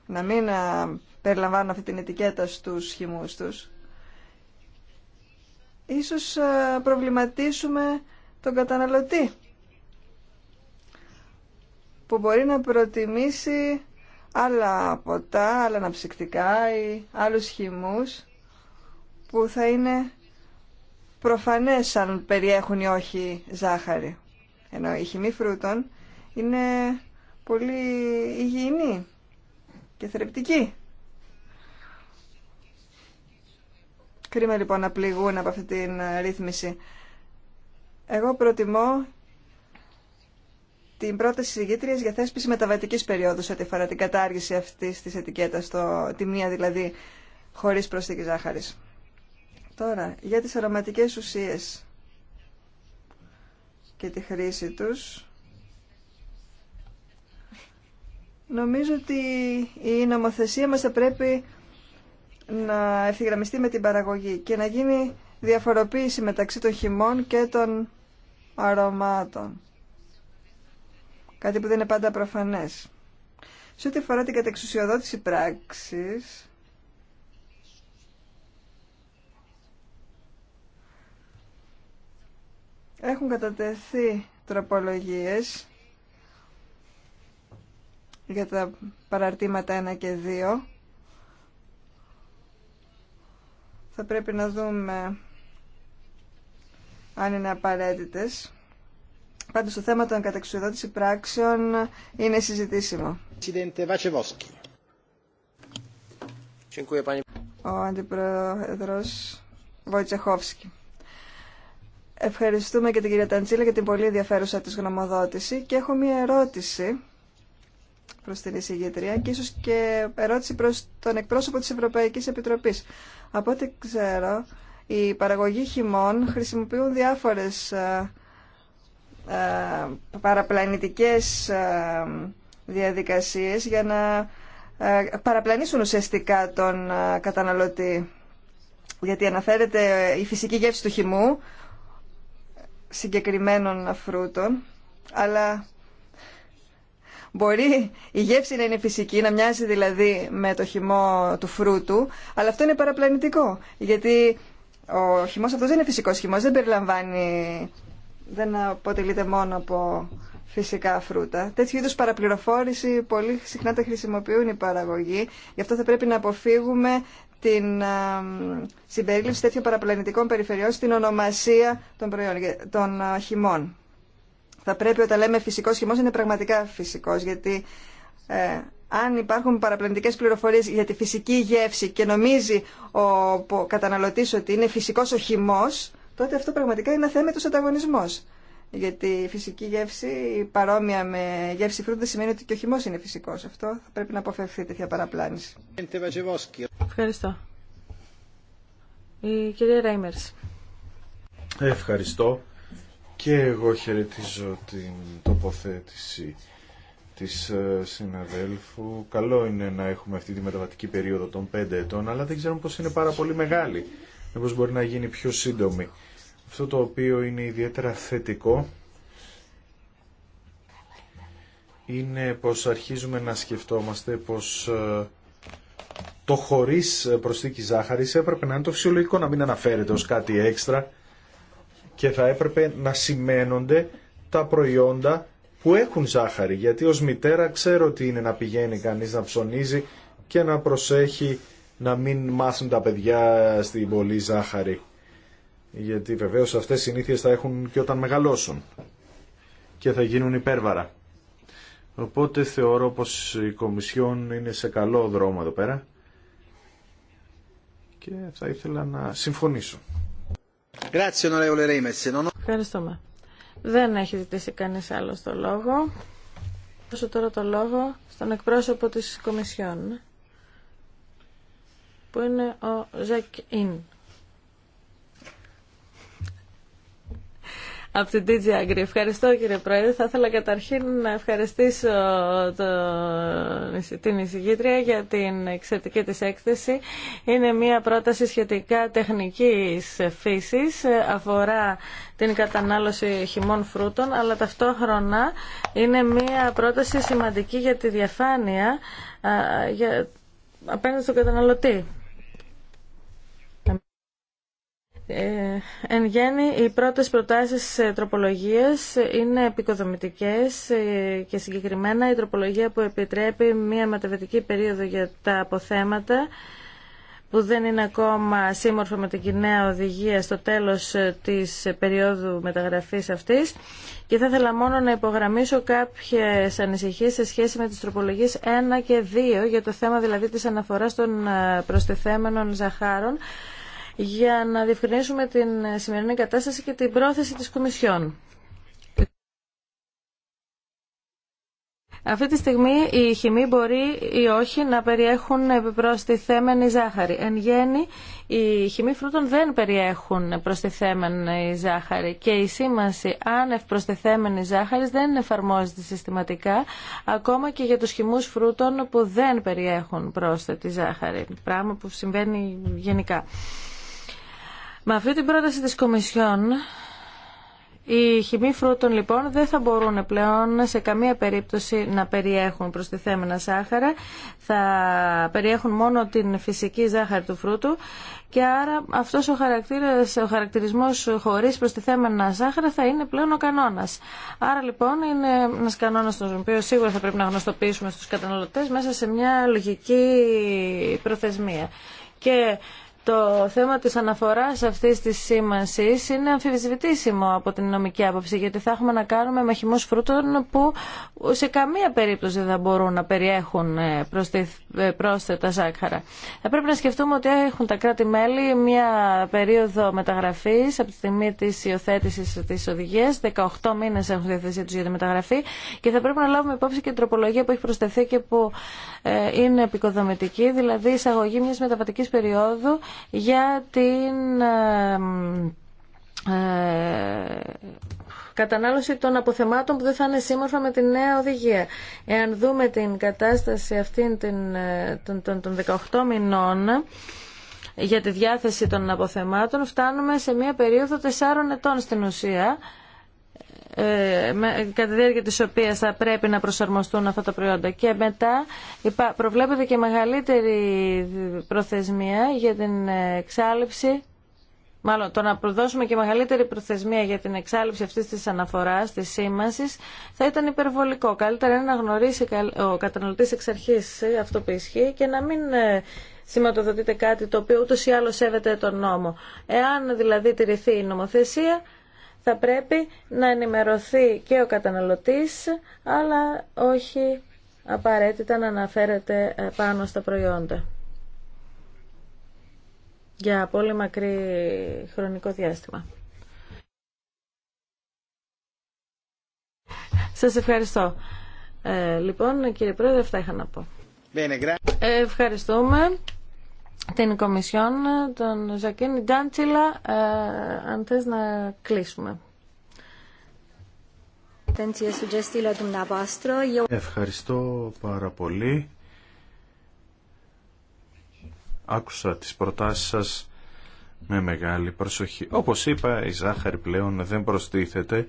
να μην περιλαμβάνουν αυτή την ετικέτα στους χυμούς τους, ίσως προβληματίσουμε τον καταναλωτή που μπορεί να προτιμήσει άλλα ποτά, άλλα αναψυκτικά ή άλλους χυμούς που θα είναι προφανές αν περιέχουν ή όχι ζάχαρη. Ενώ η χυμή φρούτων είναι πολύ υγιεινή και θρεπτική. Κρίμα λοιπόν να πληγούν από αυτή την ρύθμιση. Εγώ προτιμώ την πρόταση ηγήτρια για θέσπιση μεταβατικής περίοδου ό,τι αφορά την κατάργηση αυτής της ετικέτας, τη μία δηλαδή χωρίς προσθήκη ζάχαρη. Τώρα, για τις αρωματικές ουσίες και τη χρήση τους, νομίζω ότι η νομοθεσία μας θα πρέπει να ευθυγραμμιστεί με την παραγωγή και να γίνει διαφοροποίηση μεταξύ των χυμών και των αρωμάτων. Κάτι που δεν είναι πάντα προφανές. Σε ό,τι αφορά την κατεξουσιοδότηση πράξης, έχουν κατατεθεί τροπολογίες για τα παραρτήματα 1 και 2. Θα πρέπει να δούμε αν είναι απαραίτητες. Πάντως το θέμα των καταξιοδότηση πράξεων είναι συζητήσιμο. Ο Αντιπρόεδρος Βοητσεχόφσκι. Ευχαριστούμε και την κυρία Ταντσίλα για την πολύ ενδιαφέρουσα της γνωμοδότηση και έχω μία ερώτηση προς την εισηγητρία και ίσως και ερώτηση προς τον εκπρόσωπο της Ευρωπαϊκής Επιτροπής. Από ό,τι ξέρω, οι παραγωγοί χυμών χρησιμοποιούν διάφορες ε, ε, παραπλανητικές ε, διαδικασίες για να ε, παραπλανήσουν ουσιαστικά τον καταναλωτή. Γιατί αναφέρεται η φυσική γεύση του χυμού συγκεκριμένων φρούτων, αλλά μπορεί η γεύση να είναι φυσική, να μοιάζει δηλαδή με το χυμό του φρούτου, αλλά αυτό είναι παραπλανητικό, γιατί ο χυμός αυτός δεν είναι φυσικός χυμός, δεν περιλαμβάνει δεν αποτελείται μόνο από φυσικά φρούτα. Τέτοιου είδου παραπληροφόρηση πολύ συχνά τα χρησιμοποιούν οι παραγωγοί. Γι' αυτό θα πρέπει να αποφύγουμε την συμπερίληψη τέτοιων παραπλανητικών περιφερειών στην ονομασία των, προϊόν, των χυμών. Θα πρέπει όταν λέμε φυσικός χυμός είναι πραγματικά φυσικός, γιατί ε, αν υπάρχουν παραπλανητικές πληροφορίες για τη φυσική γεύση και νομίζει ο, ο καταναλωτής ότι είναι φυσικός ο χυμός, τότε αυτό πραγματικά είναι του ανταγωνισμός. Γιατί η φυσική γεύση παρόμοια με γεύση φρούτα σημαίνει ότι και ο χυμός είναι φυσικός. Αυτό θα πρέπει να αποφευθεί τέτοια παραπλάνηση. Ευχαριστώ. Η κυρία Ρέιμερς. Ευχαριστώ. Και εγώ χαιρετίζω την τοποθέτηση της ε, συναδέλφου. Καλό είναι να έχουμε αυτή τη μεταβατική περίοδο των πέντε ετών, αλλά δεν ξέρουμε πως είναι πάρα πολύ μεγάλη. Μήπως μπορεί να γίνει πιο σύντομη. Αυτό το οποίο είναι ιδιαίτερα θετικό είναι πως αρχίζουμε να σκεφτόμαστε πως ε, το χωρίς προσθήκη ζάχαρης έπρεπε να είναι το φυσιολογικό να μην αναφέρεται ως κάτι έξτρα και θα έπρεπε να σημαίνονται τα προϊόντα που έχουν ζάχαρη γιατί ως μητέρα ξέρω τι είναι να πηγαίνει κανείς να ψωνίζει και να προσέχει να μην μάθουν τα παιδιά στην πολύ ζάχαρη γιατί βεβαίως αυτές οι συνήθειες θα έχουν και όταν μεγαλώσουν και θα γίνουν υπέρβαρα. Οπότε θεωρώ πως η Κομισιόν είναι σε καλό δρόμο εδώ πέρα και θα ήθελα να συμφωνήσω. Ευχαριστούμε. Δεν έχει ζητήσει κανείς άλλο το λόγο. Δώσω τώρα το λόγο στον εκπρόσωπο της Κομισιόν, που είναι ο Ζεκ Ιν. από την DJ Agri. Ευχαριστώ κύριε Πρόεδρε. Θα ήθελα καταρχήν να ευχαριστήσω το, την εισηγήτρια για την εξαιρετική της έκθεση. Είναι μια πρόταση σχετικά τεχνικής φύσης. Αφορά την κατανάλωση χυμών φρούτων, αλλά ταυτόχρονα είναι μια πρόταση σημαντική για τη διαφάνεια για, απέναντι στον καταναλωτή. Ε, εν γέννη, οι πρώτες προτάσεις ε, τροπολογίας είναι επικοδομητικές ε, και συγκεκριμένα η τροπολογία που επιτρέπει μια μεταβετική περίοδο για τα αποθέματα που δεν είναι ακόμα σύμμορφα με την κοινέα οδηγία στο τέλος της περίοδου μεταγραφής αυτής και θα ήθελα μόνο να υπογραμμίσω κάποιες ανησυχίες σε σχέση με τις τροπολογίες 1 και 2 για το θέμα δηλαδή της αναφοράς των προστιθέμενων ζαχάρων για να διευκρινίσουμε την σημερινή κατάσταση και την πρόθεση της Κομισιόν. Αυτή τη στιγμή η χυμοί μπορεί ή όχι να περιέχουν προστιθέμενη ζάχαρη. Εν γέννη, οι χυμοί φρούτων δεν περιέχουν προστιθέμενη ζάχαρη και η σήμανση άνευ προστιθέμενη ζάχαρη, δεν εφαρμόζεται συστηματικά ακόμα και για τους χυμούς φρούτων που δεν περιέχουν πρόσθετη ζάχαρη, πράγμα που συμβαίνει γενικά. Με αυτή την πρόταση της Κομισιόν οι χυμοί φρούτων λοιπόν δεν θα μπορούν πλέον σε καμία περίπτωση να περιέχουν προστιθέμενα σάχαρα. Θα περιέχουν μόνο την φυσική ζάχαρη του φρούτου και άρα αυτός ο, χαρακτήρας, ο χαρακτηρισμός χωρίς προστιθέμενα ζάχαρα θα είναι πλέον ο κανόνας. Άρα λοιπόν είναι ένας κανόνας τον οποίο σίγουρα θα πρέπει να γνωστοποιήσουμε στους καταναλωτές μέσα σε μια λογική προθεσμία. Και το θέμα της αναφοράς αυτής της σήμανσης είναι αμφισβητήσιμο από την νομική άποψη γιατί θα έχουμε να κάνουμε με χυμούς φρούτων που σε καμία περίπτωση δεν μπορούν να περιέχουν ε, ε, πρόσθετα ζάχαρα. Θα πρέπει να σκεφτούμε ότι έχουν τα κράτη-μέλη μια περίοδο μεταγραφής από τη στιγμή της υιοθέτηση της οδηγίας. 18 μήνες έχουν διαθέσει τους για τη μεταγραφή και θα πρέπει να λάβουμε υπόψη και την τροπολογία που έχει προσθεθεί και που ε, είναι επικοδομητική, δηλαδή εισαγωγή μιας μεταβατικής περίοδου για την ε, ε, κατανάλωση των αποθεμάτων που δεν θα είναι σύμμορφα με τη νέα οδηγία. Εάν δούμε την κατάσταση αυτήν την, των, των 18 μηνών, για τη διάθεση των αποθεμάτων φτάνουμε σε μια περίοδο 4 ετών στην ουσία ε, κατά τη διάρκεια της οποίας θα πρέπει να προσαρμοστούν αυτά τα προϊόντα. Και μετά προβλέπεται και μεγαλύτερη προθεσμία για την εξάλληψη Μάλλον, το να προδώσουμε και μεγαλύτερη προθεσμία για την εξάλληψη αυτή τη αναφορά, τη σήμανση, θα ήταν υπερβολικό. Καλύτερα είναι να γνωρίσει ο καταναλωτή εξ αρχή ε, αυτό που ισχύει και να μην ε, σηματοδοτείται κάτι το οποίο ούτω ή άλλω σέβεται τον νόμο. Εάν δηλαδή τηρηθεί η νομοθεσία, θα πρέπει να ενημερωθεί και ο καταναλωτής, αλλά όχι απαραίτητα να αναφέρεται ε, πάνω στα προϊόντα για πολύ μακρύ χρονικό διάστημα. Σας ευχαριστώ. Ε, λοιπόν, κύριε Πρόεδρε, αυτά είχα να πω. Ε, ευχαριστούμε την Κομισιόν, τον Ζακίνη Ντάντσιλα, ε, αν θες να κλείσουμε. Ευχαριστώ πάρα πολύ. Άκουσα τις προτάσεις σας με μεγάλη προσοχή. Όπως είπα, η ζάχαρη πλέον δεν προστίθεται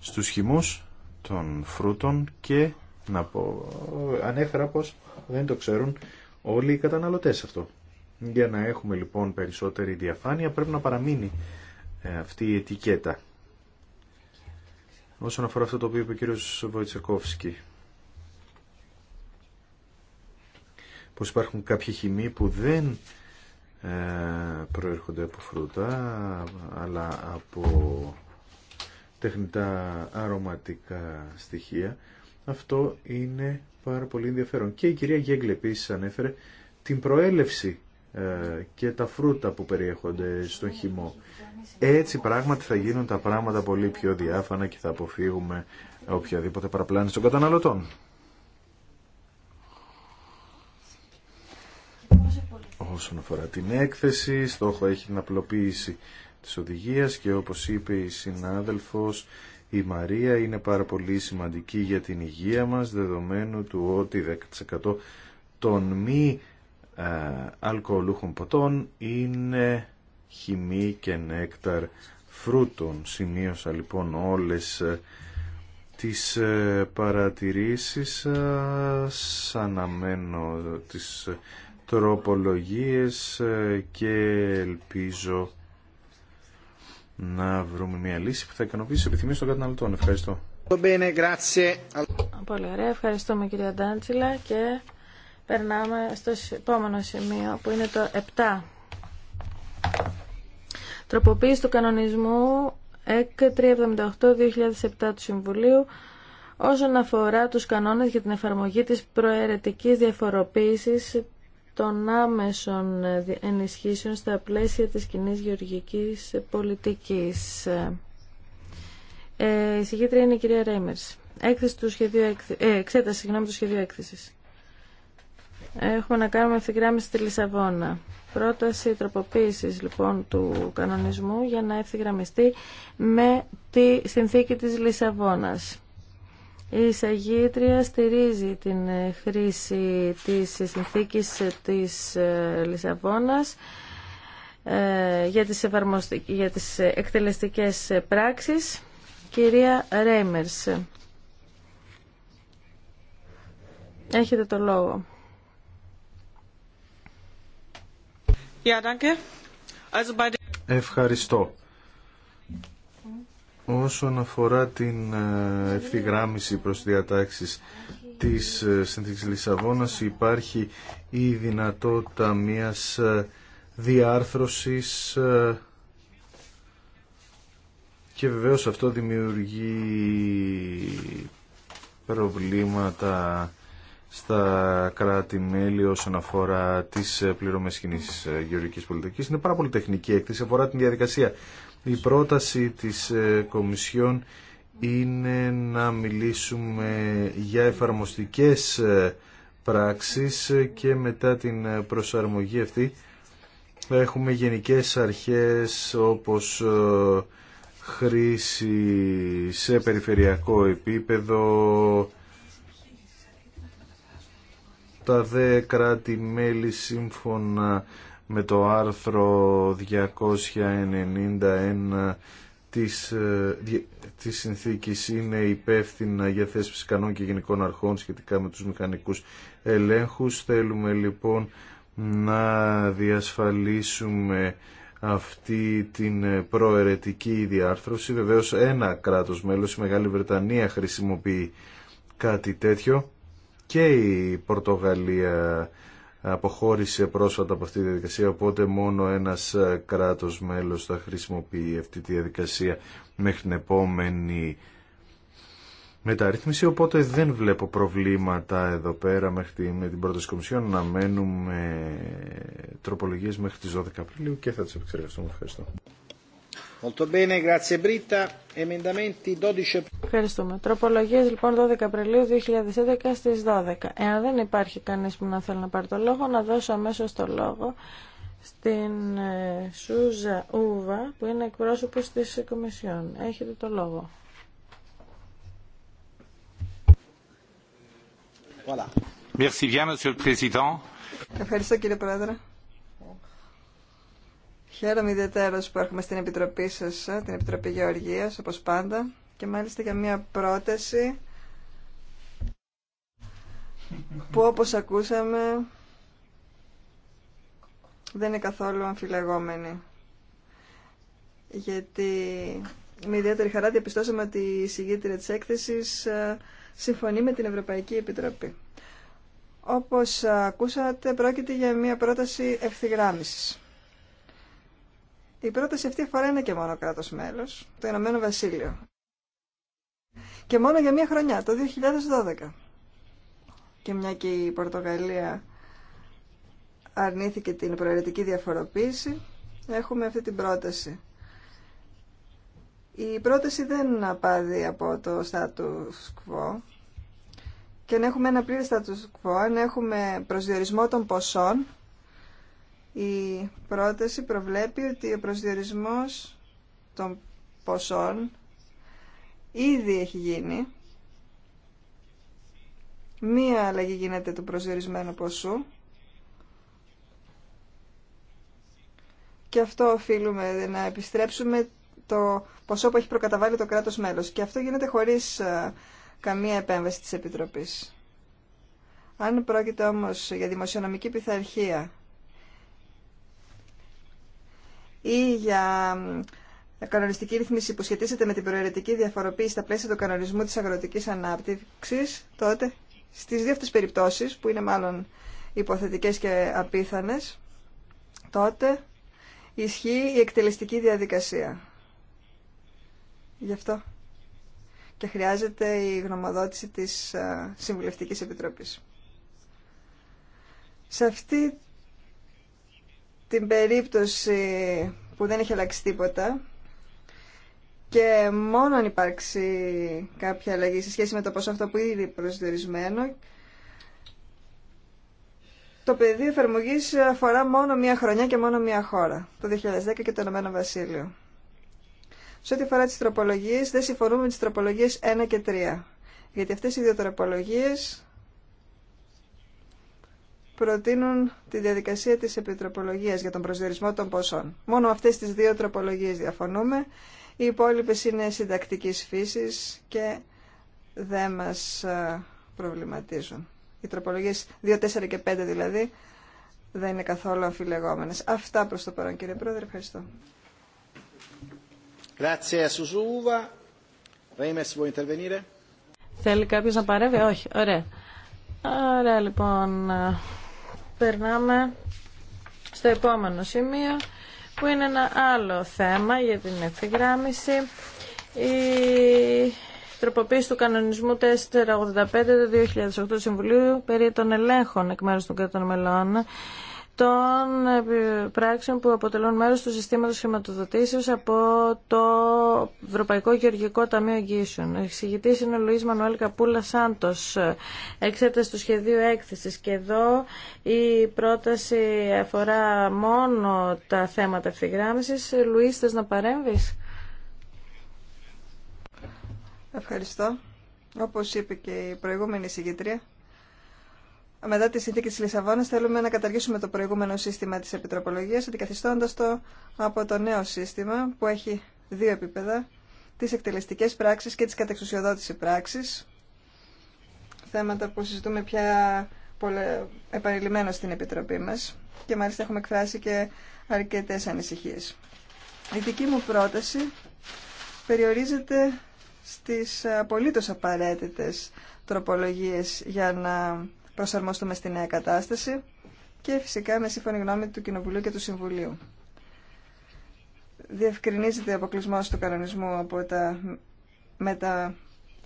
στους χυμούς των φρούτων και να πω, ανέφερα πως δεν το ξέρουν όλοι οι καταναλωτές αυτό. Για να έχουμε λοιπόν περισσότερη διαφάνεια πρέπει να παραμείνει ε, αυτή η ετικέτα. Όσον αφορά αυτό το οποίο είπε ο κύριος Βοητσεκόφσκι, πως υπάρχουν κάποιοι χυμοί που δεν ε, προέρχονται από φρούτα, αλλά από τεχνητά αρωματικά στοιχεία. Αυτό είναι πάρα πολύ ενδιαφέρον. Και η κυρία Γέγκλε επίσης ανέφερε την προέλευση ε, και τα φρούτα που περιέχονται στον χυμό. Έτσι πράγματι θα γίνουν τα πράγματα πολύ πιο διάφανα και θα αποφύγουμε οποιαδήποτε παραπλάνηση των καταναλωτών. Όσον αφορά την έκθεση, στόχο έχει την απλοποίηση της οδηγίας και όπως είπε η συνάδελφος η Μαρία είναι πάρα πολύ σημαντική για την υγεία μας δεδομένου του ότι 10% των μη ε, αλκοολούχων ποτών είναι χυμή και νέκταρ φρούτων. Σημείωσα λοιπόν όλες ε, τις ε, παρατηρήσεις σας, αναμένω τις τροπολογίες και ελπίζω να βρούμε μια λύση που θα ικανοποιήσει επιθυμίες των καταναλωτών. Ευχαριστώ. Πολύ ωραία, ευχαριστούμε κυρία Ντάντσιλα και Περνάμε στο επόμενο σημείο που είναι το 7. Τροποποίηση του κανονισμού ΕΚ 378-2007 του Συμβουλίου όσον αφορά τους κανόνες για την εφαρμογή της προαιρετικής διαφοροποίησης των άμεσων ενισχύσεων στα πλαίσια της κοινή γεωργικής πολιτικής. Ε, η συγκήτρια είναι η κυρία Ρέιμερς. Έκθεση του σχεδίου, ε, εξέταση συγγνώμη, του σχεδίου έκθεσης. Έχουμε να κάνουμε ευθυγράμμιση στη Λισαβόνα. Πρόταση τροποποίηση λοιπόν του κανονισμού για να ευθυγραμμιστεί με τη συνθήκη της Λισαβόνας. Η εισαγήτρια στηρίζει την χρήση της συνθήκης της ε, Λισαβόνας ε, για τις, για τις εκτελεστικές πράξεις. Κυρία Ρέιμερς, έχετε το λόγο. Ευχαριστώ. Όσον αφορά την ε, ευθυγράμμιση προς διατάξεις της ε, Συνθήκης Λισαβόνας υπάρχει η δυνατότητα μιας ε, διάρθρωσης και βεβαίως αυτό δημιουργεί προβλήματα στα κράτη-μέλη όσον αφορά τις πληρωμές κοινή ε, γεωργικής πολιτικής. Είναι πάρα πολύ τεχνική έκθεση, αφορά την διαδικασία. Η πρόταση της ε, Κομισιόν είναι να μιλήσουμε για εφαρμοστικές ε, πράξεις και μετά την προσαρμογή αυτή έχουμε γενικές αρχές όπως χρήση σε περιφερειακό επίπεδο, τα δε κράτη-μέλη σύμφωνα με το άρθρο 291 της, ε, της συνθήκης είναι υπεύθυνα για θέσεις κανόνων και γενικών αρχών σχετικά με τους μηχανικούς ελέγχους. Θέλουμε λοιπόν να διασφαλίσουμε αυτή την ε, προαιρετική διάρθρωση. Βεβαίως ένα κράτος μέλος, η Μεγάλη Βρετανία, χρησιμοποιεί κάτι τέτοιο και η Πορτογαλία αποχώρησε πρόσφατα από αυτή τη διαδικασία, οπότε μόνο ένας ε, κράτος μέλος θα χρησιμοποιεί αυτή τη διαδικασία μέχρι την επόμενη μεταρρύθμιση, οπότε δεν βλέπω προβλήματα εδώ πέρα μέχρι με την πρώτη Κομισιόν να μένουμε τροπολογίες μέχρι τις 12 Απριλίου και θα τις επεξεργαστούμε. Ευχαριστώ. 12... Ευχαριστούμε. Τροπολογίες λοιπόν 12 Απριλίου 2011 στις 12. Εάν δεν υπάρχει κανείς που να θέλει να πάρει το λόγο, να δώσω αμέσω το λόγο στην ε, Σούζα Ούβα, που είναι εκπρόσωπος της Κομισιόν. Έχετε το λόγο. Voilà. Merci bien, Monsieur le Président. Ευχαριστώ κύριε Πρόεδρε. Χαίρομαι ιδιαίτερα που έρχομαι στην Επιτροπή σας, ε, την Επιτροπή Γεωργίας, όπως πάντα, και μάλιστα για μια πρόταση που όπως ακούσαμε δεν είναι καθόλου αμφιλεγόμενη. Γιατί με ιδιαίτερη χαρά διαπιστώσαμε ότι η της έκθεσης ε, συμφωνεί με την Ευρωπαϊκή Επιτροπή. Όπως ε, ακούσατε, πρόκειται για μια πρόταση ευθυγράμμισης. Η πρόταση αυτή αφορά ένα και μόνο κράτο μέλος, το Ηνωμένο Βασίλειο. Και μόνο για μία χρονιά, το 2012. Και μια και η Πορτογαλία αρνήθηκε την προαιρετική διαφοροποίηση, έχουμε αυτή την πρόταση. Η πρόταση δεν απάδει από το status quo και αν έχουμε ένα πλήρη status quo, αν έχουμε προσδιορισμό των ποσών η πρόταση προβλέπει ότι ο προσδιορισμός των ποσών ήδη έχει γίνει. Μία αλλαγή γίνεται του προσδιορισμένου ποσού. Και αυτό οφείλουμε να επιστρέψουμε το ποσό που έχει προκαταβάλει το κράτος μέλος. Και αυτό γίνεται χωρίς ε, καμία επέμβαση της Επιτροπής. Αν πρόκειται όμως για δημοσιονομική πειθαρχία ή για ε, κανονιστική ρύθμιση που σχετίζεται με την προαιρετική διαφοροποίηση στα πλαίσια του κανονισμού της αγροτικής ανάπτυξης, τότε στις δύο αυτές περιπτώσεις, που είναι μάλλον υποθετικές και απίθανες, τότε ισχύει η εκτελεστική διαδικασία. Γι' αυτό και χρειάζεται η γνωμοδότηση της ε, Συμβουλευτικής Επιτροπής. Σε αυτή την περίπτωση που δεν έχει αλλάξει τίποτα και μόνο αν υπάρξει κάποια αλλαγή σε σχέση με το ποσό αυτό που είναι προσδιορισμένο το πεδίο εφαρμογή αφορά μόνο μία χρονιά και μόνο μία χώρα, το 2010 και το Ηνωμένο Βασίλειο. Σε ό,τι αφορά τι τροπολογίε, δεν συμφωνούμε με τι τροπολογίε 1 και 3. Γιατί αυτέ οι δύο τροπολογίε προτείνουν τη διαδικασία της επιτροπολογίας για τον προσδιορισμό των ποσών. Μόνο αυτές τις δύο τροπολογίες διαφωνούμε. Οι υπόλοιπε είναι συντακτικής φύσης και δεν μας ε, προβληματίζουν. Οι τροπολογίες 2, 4 και 5 δηλαδή δεν είναι καθόλου αμφιλεγόμενες. Αυτά προς το παρόν κύριε Πρόεδρε. Ευχαριστώ. Θέλει κάποιος να παρεύει. Όχι. Ωραία. Ωραία λοιπόν περνάμε στο επόμενο σημείο που είναι ένα άλλο θέμα για την ευθυγράμμιση. Η τροποποίηση του κανονισμού 485 του 2008 Συμβουλίου περί των ελέγχων εκ μέρους των κρατών μελών των ε, πράξεων που αποτελούν μέρος του συστήματος χρηματοδοτήσεως από το Ευρωπαϊκό Γεωργικό Ταμείο Εγγύσεων. Εξηγητής είναι ο Λουίς Μανουέλ Καπούλα Σάντος, εξέταση του σχεδίου έκθεσης και εδώ η πρόταση αφορά μόνο τα θέματα ευθυγράμμισης. Λουίς, θες να παρέμβεις? Ευχαριστώ. Όπως είπε και η προηγούμενη συγκεντρία, μετά τη συνθήκη τη Λισαβόνα θέλουμε να καταργήσουμε το προηγούμενο σύστημα τη επιτροπολογία, αντικαθιστώντα το από το νέο σύστημα που έχει δύο επίπεδα τι εκτελεστικές πράξει και τι κατεξουσιοδότηση πράξεις θέματα που συζητούμε πια επανειλημμένω στην Επιτροπή μα. και μάλιστα έχουμε εκφράσει και αρκετέ ανησυχίε. Η δική μου πρόταση περιορίζεται στις απολύτως απαραίτητες τροπολογίες για να προσαρμοστούμε στη νέα κατάσταση και φυσικά με σύμφωνη γνώμη του Κοινοβουλίου και του Συμβουλίου. Διευκρινίζεται ο αποκλεισμό του κανονισμού από τα, με τα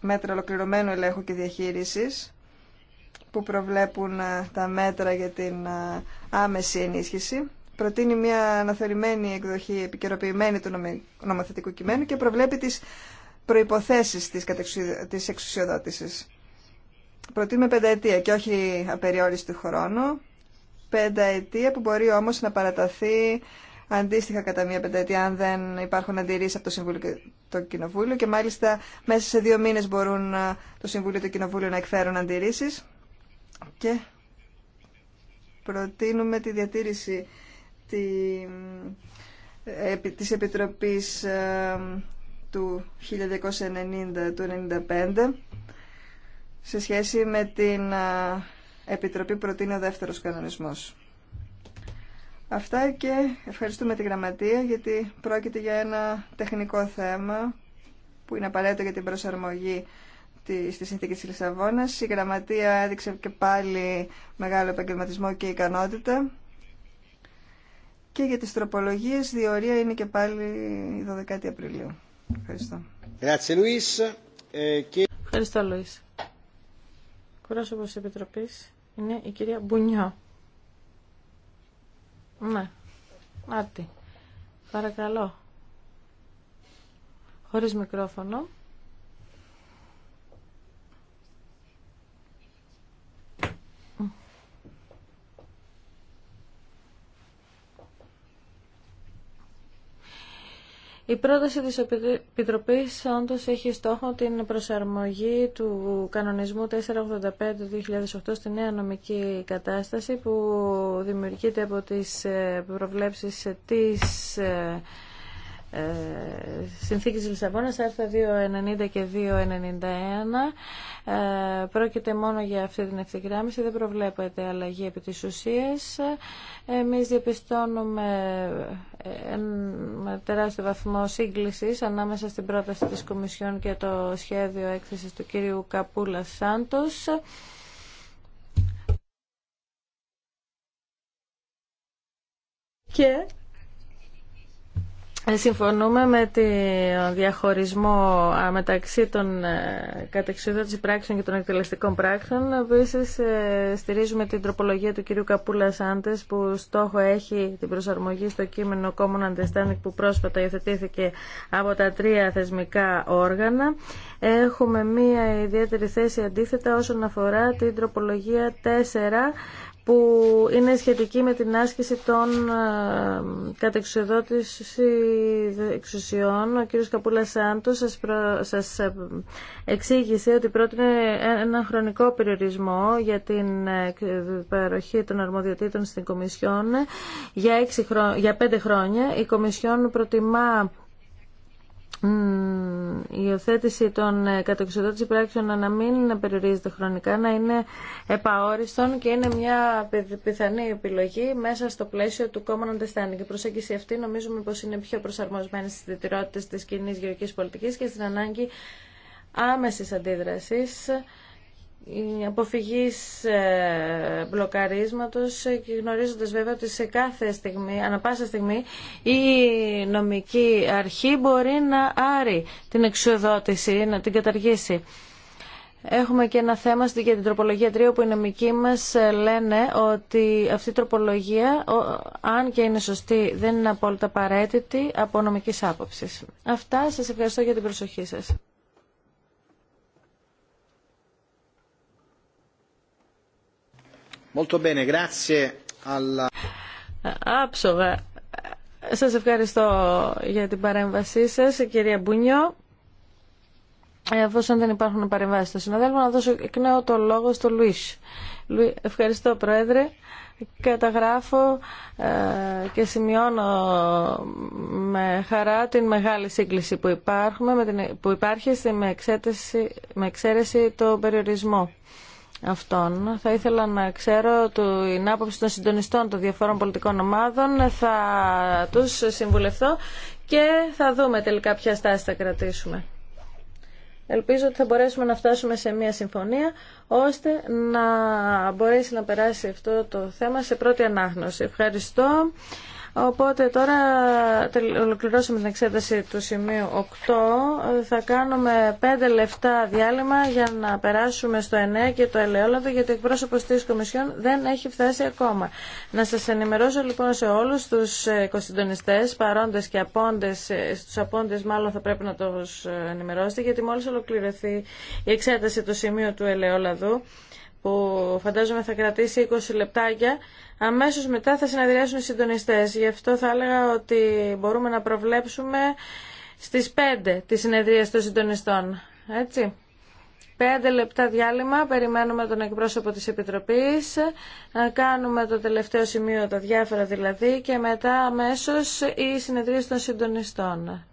μέτρα ολοκληρωμένου ελέγχου και διαχείρισης που προβλέπουν ε, τα μέτρα για την ε, άμεση ενίσχυση. Προτείνει μια αναθεωρημένη εκδοχή επικαιροποιημένη του νομοθετικού κειμένου και προβλέπει τις προϋποθέσεις της εξουσιοδότησης προτείνουμε πενταετία και όχι χρόνο. χρόνου. Πενταετία που μπορεί όμως να παραταθεί αντίστοιχα κατά μία πενταετία αν δεν υπάρχουν αντιρρήσει από το Συμβούλιο και το Κοινοβούλιο και μάλιστα μέσα σε δύο μήνες μπορούν ε, το Συμβούλιο και το Κοινοβούλιο να εκφέρουν αντιρρήσει. και προτείνουμε τη διατήρηση ε, της Επιτροπής ε, του 1990 του 1995 σε σχέση με την Επιτροπή προτείνει ο δεύτερος κανονισμός. Αυτά και ευχαριστούμε τη Γραμματεία γιατί πρόκειται για ένα τεχνικό θέμα που είναι απαραίτητο για την προσαρμογή της συνθήκη της Λισαβόνας. Η Γραμματεία έδειξε και πάλι μεγάλο επαγγελματισμό και ικανότητα. Και για τις τροπολογίες διορία είναι και πάλι η 12η Απριλίου. Ευχαριστώ. Ε, Ευχαριστώ, Λουίς. Πρόσωπο της Επιτροπής είναι η κυρία Μπουνιό. Ναι. Άρτη. Παρακαλώ. Χωρίς μικρόφωνο. Η πρόταση της Επιτροπής όντως έχει στόχο την προσαρμογή του κανονισμού 485-2008 στη νέα νομική κατάσταση που δημιουργείται από τις ε, προβλέψεις της ε, ε, συνθήκης Λισαβόνας, άρθρα 2.90 και 2.91. Ε, πρόκειται μόνο για αυτή την ευθυγράμμιση, δεν προβλέπεται αλλαγή επί της ουσίας. Εμείς διαπιστώνουμε ε, με τεράστιο βαθμό σύγκλησης ανάμεσα στην πρόταση της Κομισιόν και το σχέδιο έκθεσης του κύριου Καπούλα Σάντος. Και ε, συμφωνούμε με τη διαχωρισμό μεταξύ των ε, κατεξοδότη πράξεων και των εκτελεστικών πράξεων. Επίση, ε, στηρίζουμε την τροπολογία του κυρίου Καπούλα Άντε, που στόχο έχει την προσαρμογή στο κείμενο Common Understanding που πρόσφατα υιοθετήθηκε από τα τρία θεσμικά όργανα. Έχουμε μία ιδιαίτερη θέση αντίθετα όσον αφορά την τροπολογία 4 που είναι σχετική με την άσκηση των ε, κατεξοδότηση εξουσιών. Ο κ. Καπούλα Σάντο σας, προ... σας ε, εξήγησε ότι πρότεινε ε, ένα χρονικό περιορισμό για την παροχή των αρμοδιοτήτων στην Κομισιόν για, έξι για πέντε χρόνια. Η Κομισιόν προτιμά η υιοθέτηση των ε, κατοξιδότηση πράξεων να μην περιορίζεται χρονικά, να είναι επαόριστον και είναι μια πιθανή επιλογή μέσα στο πλαίσιο του Common Understanding. Η προσέγγιση αυτή νομίζουμε πως είναι πιο προσαρμοσμένη στις διτηρότητες της κοινή γεωργικής πολιτικής και στην ανάγκη άμεσης αντίδρασης η αποφυγής ε, μπλοκαρίσματος ε, και γνωρίζοντας βέβαια ότι σε κάθε στιγμή, ανα πάσα στιγμή η νομική αρχή μπορεί να άρει την εξουδότηση, να την καταργήσει. Έχουμε και ένα θέμα για την τροπολογία 3 που οι νομικοί μας ε, λένε ότι αυτή η τροπολογία, αν και είναι σωστή, δεν είναι απόλυτα απαραίτητη από νομικής άποψης. Αυτά, σας ευχαριστώ για την προσοχή σας. Molto Σας ευχαριστώ για την παρέμβασή σας, κυρία Μπουνιό. Εφόσον δεν υπάρχουν παρεμβάσεις στο συναδέλφο, να δώσω εκ νέου το λόγο στο Λουίς. Ευχαριστώ, Πρόεδρε. Καταγράφω ε, και σημειώνω με χαρά την μεγάλη σύγκληση που, υπάρχουμε, που υπάρχει με, εξέταση, με εξαίρεση το περιορισμό αυτών. Θα ήθελα να ξέρω την άποψη των συντονιστών των διαφόρων πολιτικών ομάδων. Θα τους συμβουλευτώ και θα δούμε τελικά ποια στάση θα κρατήσουμε. Ελπίζω ότι θα μπορέσουμε να φτάσουμε σε μια συμφωνία ώστε να μπορέσει να περάσει αυτό το θέμα σε πρώτη ανάγνωση. Ευχαριστώ. Οπότε τώρα ολοκληρώσαμε την εξέταση του σημείου 8. Θα κάνουμε 5 λεφτά διάλειμμα για να περάσουμε στο 9 και το ελαιόλαδο γιατί ο εκπρόσωπος της Κομισιόν δεν έχει φτάσει ακόμα. Να σας ενημερώσω λοιπόν σε όλους τους κοσυντονιστές, παρόντες και απόντες, ε, στους απόντες μάλλον θα πρέπει να τους ε, ενημερώσετε γιατί μόλις ολοκληρωθεί η εξέταση του σημείου του ελαιόλαδου που φαντάζομαι θα κρατήσει 20 λεπτάκια Αμέσω μετά θα συνεδριάσουν οι συντονιστές. Γι' αυτό θα έλεγα ότι μπορούμε να προβλέψουμε στις 5 τη συνεδρία των συντονιστών. Έτσι. Πέντε λεπτά διάλειμμα, περιμένουμε τον εκπρόσωπο της Επιτροπής, να κάνουμε το τελευταίο σημείο, τα διάφορα δηλαδή, και μετά αμέσως η συνεδρία των συντονιστών.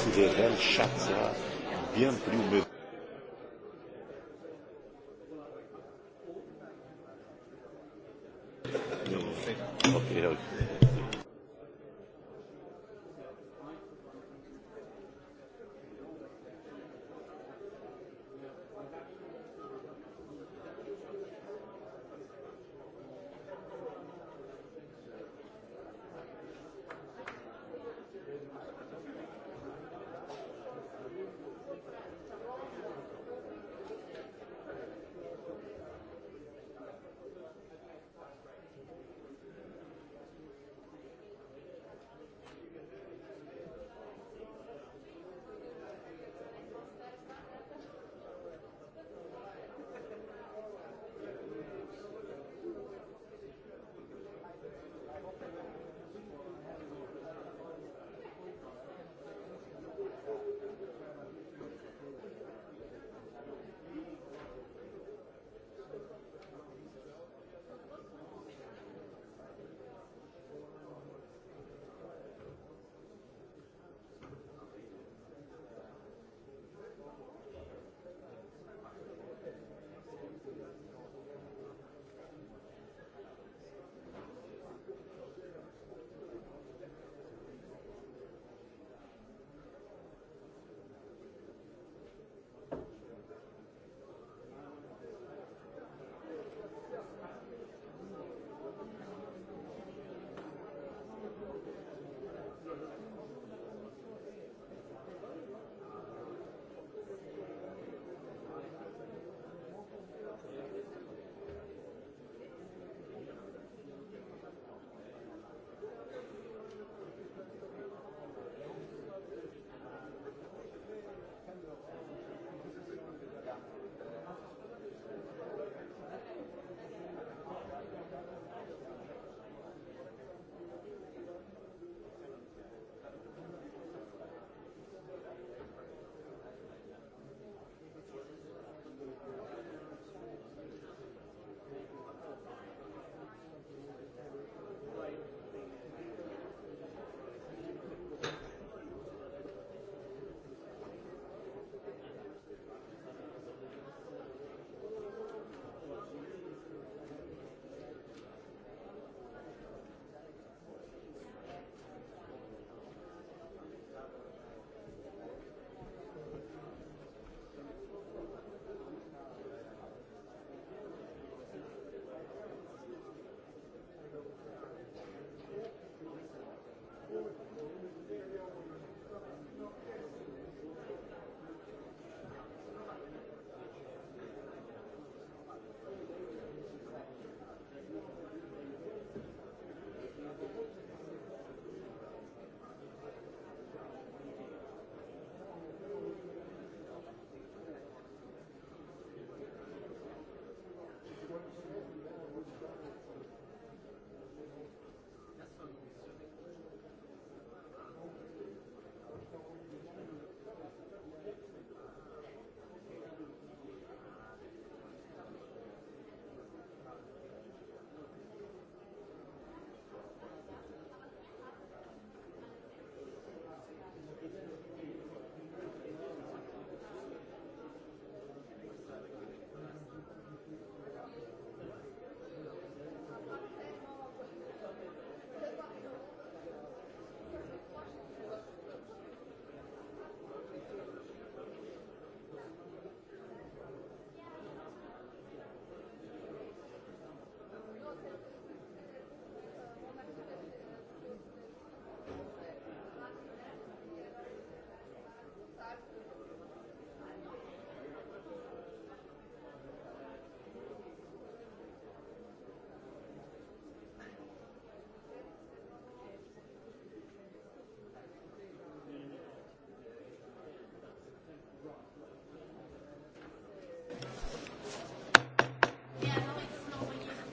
souverän, chaque bien plus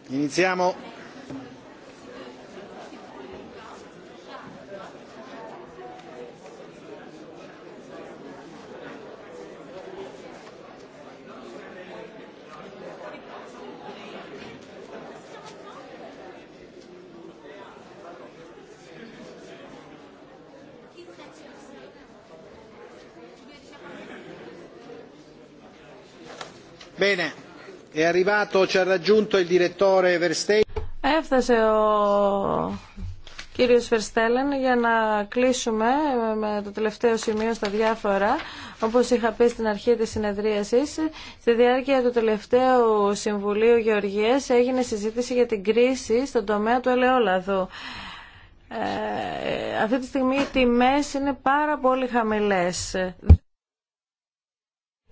Iniziamo. Bene. Έφτασε ο κύριος Φερστέλεν για να κλείσουμε με το τελευταίο σημείο στα διάφορα. Όπως είχα πει στην αρχή της συνεδρίασης, στη διάρκεια του τελευταίου Συμβουλίου Γεωργίας έγινε συζήτηση για την κρίση στον τομέα του ελαιόλαδου. Ε, αυτή τη στιγμή οι τιμές είναι πάρα πολύ χαμηλές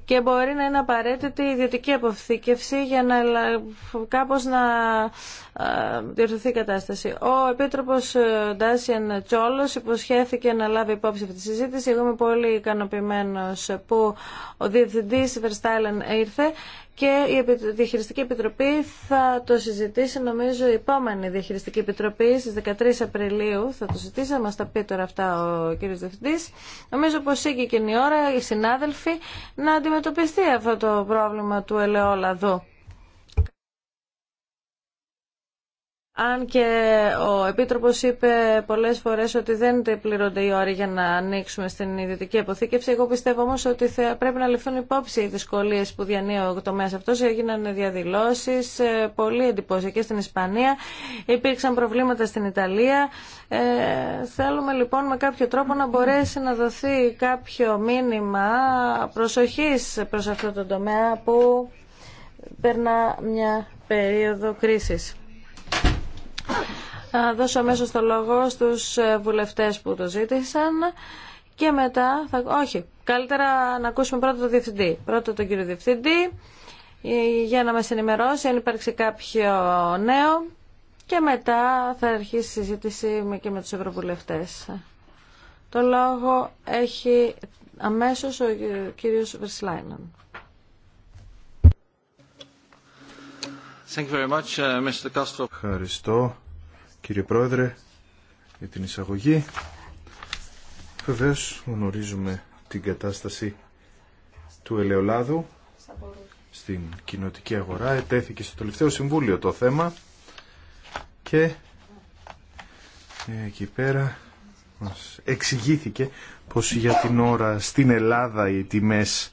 και μπορεί να είναι απαραίτητη η ιδιωτική αποθήκευση για να κάπως να διορθωθεί η κατάσταση. Ο Επίτροπος ε, Ντάσιαν Τσόλος υποσχέθηκε να λάβει υπόψη αυτή τη συζήτηση. Εγώ είμαι πολύ ικανοποιημένος που ο Διευθυντής Βερστάιλεν ήρθε και η Διαχειριστική Επιτροπή θα το συζητήσει νομίζω η επόμενη Διαχειριστική Επιτροπή στις 13 Απριλίου θα το συζητήσει, θα μας τα πει τώρα αυτά ο κύριος Διευθυντής. Νομίζω πως ή και η ώρα οι συνάδελφοι να αντιμετωπιστεί αυτό το πρόβλημα του ελαιόλαδου. Αν και ο Επίτροπος είπε πολλές φορές ότι δεν πληρώνται οι ώρες για να ανοίξουμε στην ιδιωτική αποθήκευση, εγώ πιστεύω όμως ότι θα πρέπει να ληφθούν υπόψη οι δυσκολίες που διανύει ο τομέας αυτός. Έγιναν διαδηλώσεις, ε, πολύ και στην Ισπανία, υπήρξαν προβλήματα στην Ιταλία. Ε, θέλουμε λοιπόν με κάποιο τρόπο να μπορέσει να δοθεί κάποιο μήνυμα προσοχής προς αυτό το τομέα που περνά μια περίοδο κρίση. Θα δώσω αμέσως το λόγο στους ε, βουλευτές που το ζήτησαν και μετά θα... Όχι, καλύτερα να ακούσουμε πρώτα τον Διευθυντή. Πρώτα τον κύριο Διευθυντή ε, για να μας ενημερώσει αν υπάρξει κάποιο νέο και μετά θα αρχίσει η συζήτηση και με τους ευρωβουλευτές. Το λόγο έχει αμέσως ο ε, κύριος Βερσλάιναν. Uh, Ευχαριστώ κύριε Πρόεδρε για την εισαγωγή. Βεβαίω γνωρίζουμε την κατάσταση του ελαιολάδου στην κοινοτική αγορά. Ετέθηκε στο τελευταίο συμβούλιο το θέμα και ε, εκεί πέρα μας εξηγήθηκε πως για την ώρα στην Ελλάδα οι τιμές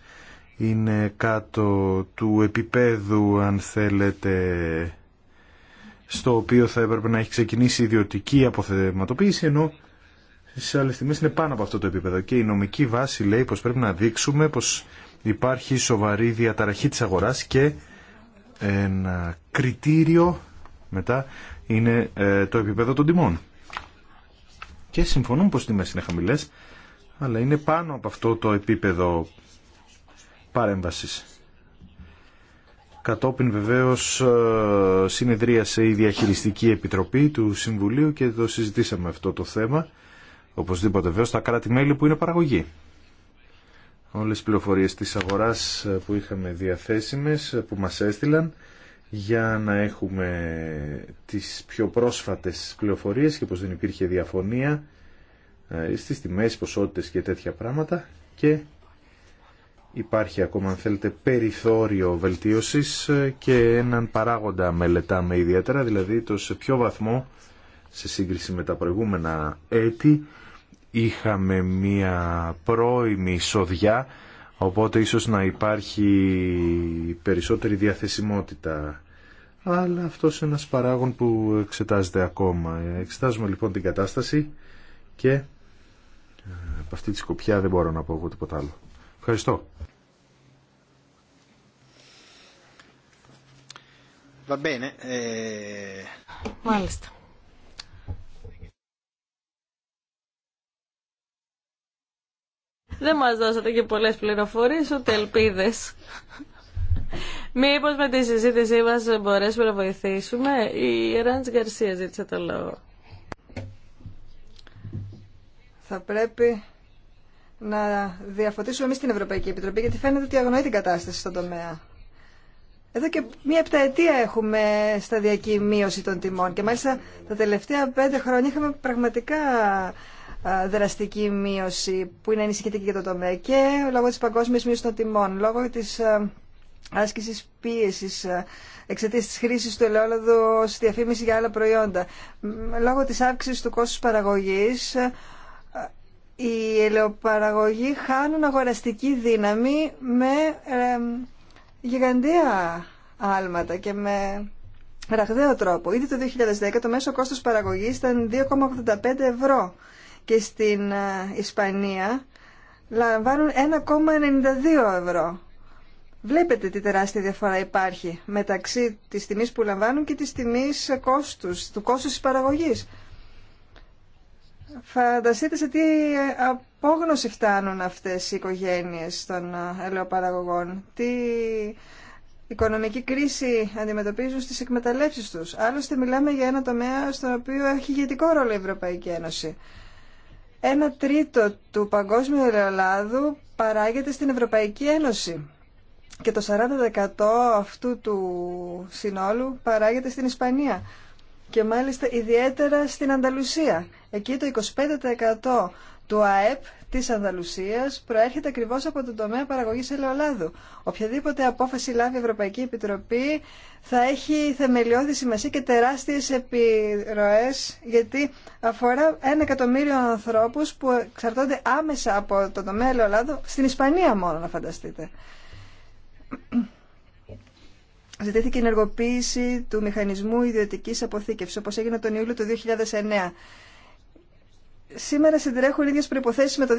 είναι κάτω του επίπεδου αν θέλετε στο οποίο θα έπρεπε να έχει ξεκινήσει ιδιωτική αποθεματοποίηση ενώ σε άλλες τιμές είναι πάνω από αυτό το επίπεδο και η νομική βάση λέει πως πρέπει να δείξουμε πως υπάρχει σοβαρή διαταραχή της αγοράς και ένα κριτήριο μετά είναι ε, το επίπεδο των τιμών. Και συμφωνούν πως οι τιμές είναι χαμηλές αλλά είναι πάνω από αυτό το επίπεδο παρέμβασης. Κατόπιν βεβαίως ε, συνεδρίασε η Διαχειριστική Επιτροπή του Συμβουλίου και το συζητήσαμε αυτό το θέμα. Οπωσδήποτε βεβαίως τα κράτη-μέλη που είναι παραγωγή. Όλες οι πληροφορίες της αγοράς ε, που είχαμε διαθέσιμες, ε, που μας έστειλαν, για να έχουμε τις πιο πρόσφατες πληροφορίες και πως δεν υπήρχε διαφωνία στις τιμές, ποσότητες και τέτοια πράγματα και υπάρχει ακόμα αν θέλετε περιθώριο βελτίωσης και έναν παράγοντα μελετάμε ιδιαίτερα, δηλαδή το σε ποιο βαθμό σε σύγκριση με τα προηγούμενα έτη είχαμε μία πρώιμη σοδιά οπότε ίσως να υπάρχει περισσότερη διαθεσιμότητα αλλά αυτό είναι ένας παράγον που εξετάζεται ακόμα εξετάζουμε λοιπόν την κατάσταση και ε, από αυτή τη σκοπιά δεν μπορώ να πω εγώ τίποτα άλλο Ευχαριστώ. Eh, Μάλιστα. Δεν μας δώσατε και πολλές πληροφορίες, ούτε ελπίδες. Μήπως με τη συζήτησή μας μπορέσουμε να βοηθήσουμε. Η Ράντς Γκαρσία ζήτησε το λόγο. Θα πρέπει να διαφωτίσουμε εμεί την Ευρωπαϊκή Επιτροπή, γιατί φαίνεται ότι αγνοεί την κατάσταση στον τομέα. Εδώ και μία επταετία έχουμε σταδιακή μείωση των τιμών και μάλιστα τα τελευταία πέντε χρόνια είχαμε πραγματικά δραστική μείωση που είναι ανησυχητική για το τομέα και λόγω της παγκόσμιας μείωσης των τιμών, λόγω της άσκησης πίεσης εξαιτίας της χρήσης του ελαιόλαδου στη διαφήμιση για άλλα προϊόντα, λόγω της αύξησης του κόστους παραγωγής οι ελαιοπαραγωγοί χάνουν αγοραστική δύναμη με ε, άλματα και με ραχδαίο τρόπο. Ήδη το 2010 το μέσο κόστος παραγωγής ήταν 2,85 ευρώ και στην ε, Ισπανία λαμβάνουν 1,92 ευρώ. Βλέπετε τι τεράστια διαφορά υπάρχει μεταξύ της τιμής που λαμβάνουν και της τιμής κόστους, του κόστους της παραγωγής. Φανταστείτε σε τι ε, απόγνωση φτάνουν αυτές οι οικογένειες των ε, ελαιοπαραγωγών. Τι οικονομική κρίση αντιμετωπίζουν στις εκμεταλλεύσεις τους. Άλλωστε μιλάμε για ένα τομέα στον οποίο έχει ηγετικό ρόλο η Ευρωπαϊκή Ένωση. Ένα τρίτο του παγκόσμιου ελαιολάδου παράγεται στην Ευρωπαϊκή Ένωση και το 40% αυτού του συνόλου παράγεται στην Ισπανία και μάλιστα ιδιαίτερα στην Ανταλουσία. Εκεί το 25% του ΑΕΠ της Ανταλουσίας προέρχεται ακριβώς από τον τομέα παραγωγής ελαιολάδου. Οποιαδήποτε απόφαση λάβει η Ευρωπαϊκή Επιτροπή θα έχει θεμελιώδη σημασία και τεράστιες επιρροές γιατί αφορά ένα εκατομμύριο ανθρώπους που εξαρτώνται άμεσα από τον τομέα ελαιολάδου στην Ισπανία μόνο να φανταστείτε ζητήθηκε η ενεργοποίηση του μηχανισμού ιδιωτικής αποθήκευσης, όπως έγινε τον Ιούλιο του 2009. Σήμερα συντρέχουν ίδιε προποθέσει με το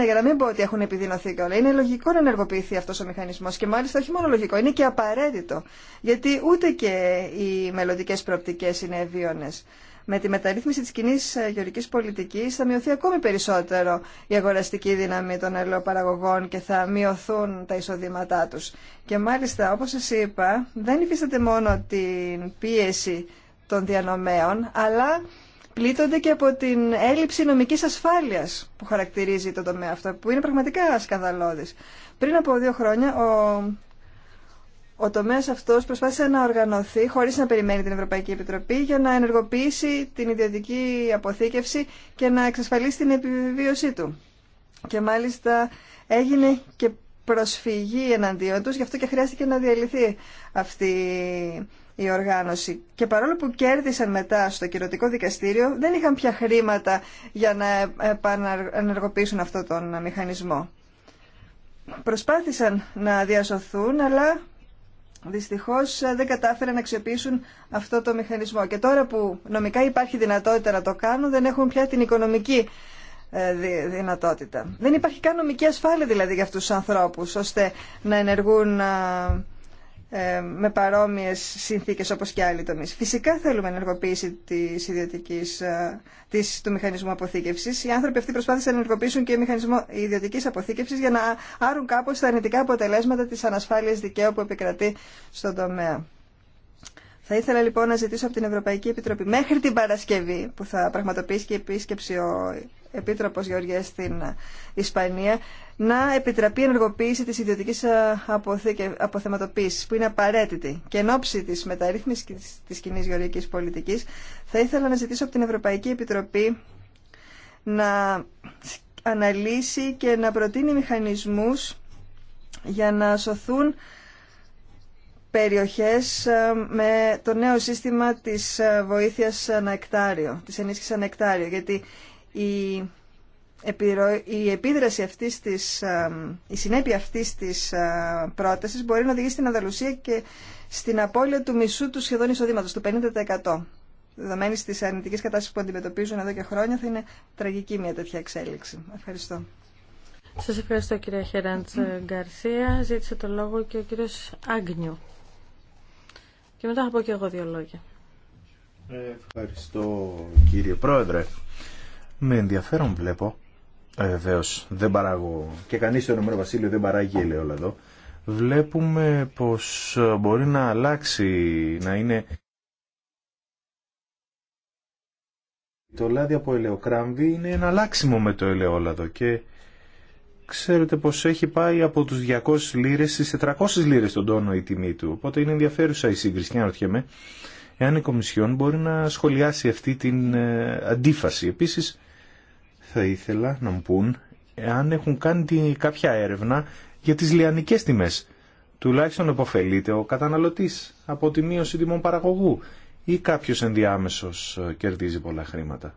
2009, για να μην πω ότι έχουν επιδεινωθεί όλα. Είναι λογικό να ενεργοποιηθεί αυτό ο μηχανισμό και μάλιστα όχι μόνο λογικό, είναι και απαραίτητο. Γιατί ούτε και οι μελλοντικέ προοπτικέ είναι ευίωνε με τη μεταρρύθμιση της κοινή ε, γεωρικής πολιτικής θα μειωθεί ακόμη περισσότερο η αγοραστική δύναμη των ελαιοπαραγωγών και θα μειωθούν τα εισοδήματά τους. Και μάλιστα, όπως σας είπα, δεν υφίσταται μόνο την πίεση των διανομέων, αλλά πλήττονται και από την έλλειψη νομικής ασφάλειας που χαρακτηρίζει το τομέα αυτό, που είναι πραγματικά σκανδαλώδης. Πριν από δύο χρόνια, ο ο τομέας αυτός προσπάθησε να οργανωθεί χωρίς να περιμένει την Ευρωπαϊκή Επιτροπή για να ενεργοποιήσει την ιδιωτική αποθήκευση και να εξασφαλίσει την επιβίωσή του. Και μάλιστα έγινε και προσφυγή εναντίον τους, γι' αυτό και χρειάστηκε να διαλυθεί αυτή η οργάνωση. Και παρόλο που κέρδισαν μετά στο κυρωτικό δικαστήριο, δεν είχαν πια χρήματα για να επανανεργοποιήσουν αυτόν τον μηχανισμό. Προσπάθησαν να διασωθούν, αλλά Δυστυχώ ε, δεν κατάφεραν να αξιοποιήσουν αυτό το μηχανισμό. Και τώρα που νομικά υπάρχει δυνατότητα να το κάνουν, δεν έχουν πια την οικονομική ε, δυνατότητα. Δεν υπάρχει καν νομική ασφάλεια δηλαδή για αυτούς τους ανθρώπους, ώστε να ενεργούν ε, ε, με παρόμοιε συνθήκε όπω και άλλοι τομεί. Φυσικά θέλουμε ενεργοποίηση της ιδιωτικής, ε, της, του μηχανισμού αποθήκευση. Οι άνθρωποι αυτοί προσπάθησαν να ενεργοποιήσουν και μηχανισμό ιδιωτική αποθήκευση για να άρουν κάπως τα αρνητικά αποτελέσματα τη ανασφάλεια δικαίου που επικρατεί στον τομέα. Θα ήθελα λοιπόν να ζητήσω από την Ευρωπαϊκή Επιτροπή μέχρι την Παρασκευή που θα πραγματοποιήσει και η επίσκεψη ο Επίτροπος Γεωργία στην Ισπανία να επιτραπεί η ενεργοποίηση της ιδιωτικής ε, αποθεματοποίησης που είναι απαραίτητη και εν ώψη της μεταρρύθμισης της κοινή γεωργικής πολιτικής θα ήθελα να ζητήσω από την Ευρωπαϊκή Επιτροπή να αναλύσει και να προτείνει μηχανισμούς για να σωθούν περιοχές ε, με το νέο σύστημα της ε, βοήθειας αναεκτάριο, της ενίσχυσης αναεκτάριο, γιατί η, επίδραση αυτής της, η συνέπεια αυτής της πρότασης μπορεί να οδηγήσει στην Ανταλουσία και στην απώλεια του μισού του σχεδόν εισοδήματος, του 50%. Δεδομένη στις αρνητικές κατάστασεις που αντιμετωπίζουν εδώ και χρόνια, θα είναι τραγική μια τέτοια εξέλιξη. Ευχαριστώ. Σα ευχαριστώ, κυρία Χεράντ Γκαρσία. Ζήτησε το λόγο και ο κύριο Άγνιου. Και μετά θα πω και εγώ δύο λόγια. Ε, ευχαριστώ, κύριε Πρόεδρε. Με ενδιαφέρον βλέπω, ε, βεβαίω δεν παράγω και κανείς στο Ηνωμένο Βασίλειο δεν παράγει ελαιόλαδο, βλέπουμε πως ε, μπορεί να αλλάξει, να είναι... Το λάδι από ελαιοκράμβη είναι εναλλάξιμο με το ελαιόλαδο και ξέρετε πως έχει πάει από τους 200 λίρες στις 400 λίρες τον τόνο η τιμή του. Οπότε είναι ενδιαφέρουσα η σύγκριση και αναρωτιέμαι εάν η Κομισιόν μπορεί να σχολιάσει αυτή την ε, αντίφαση. Επίσης θα ήθελα να μου πούν αν έχουν κάνει κάποια έρευνα για τις λιανικές τιμές. Τουλάχιστον επωφελείται ο καταναλωτής από τη μείωση τιμών παραγωγού ή κάποιος ενδιάμεσος ε, κερδίζει πολλά χρήματα.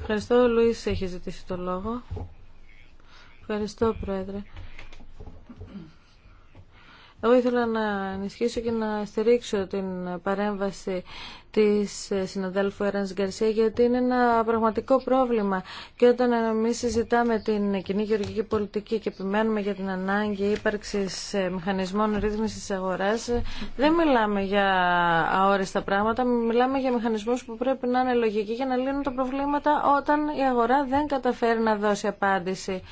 Ευχαριστώ, Λουίς έχει ζητήσει το λόγο. Ευχαριστώ, Πρόεδρε. Εγώ ήθελα να ενισχύσω και να στηρίξω την παρέμβαση της συναδέλφου Έρανς Γκαρσία γιατί είναι ένα πραγματικό πρόβλημα και όταν εμεί συζητάμε την κοινή γεωργική πολιτική και επιμένουμε για την ανάγκη ύπαρξης μηχανισμών ρύθμισης αγοράς δεν μιλάμε για αόριστα πράγματα, μιλάμε για μηχανισμούς που πρέπει να είναι λογικοί για να λύνουν τα προβλήματα όταν η αγορά δεν καταφέρει να δώσει απάντηση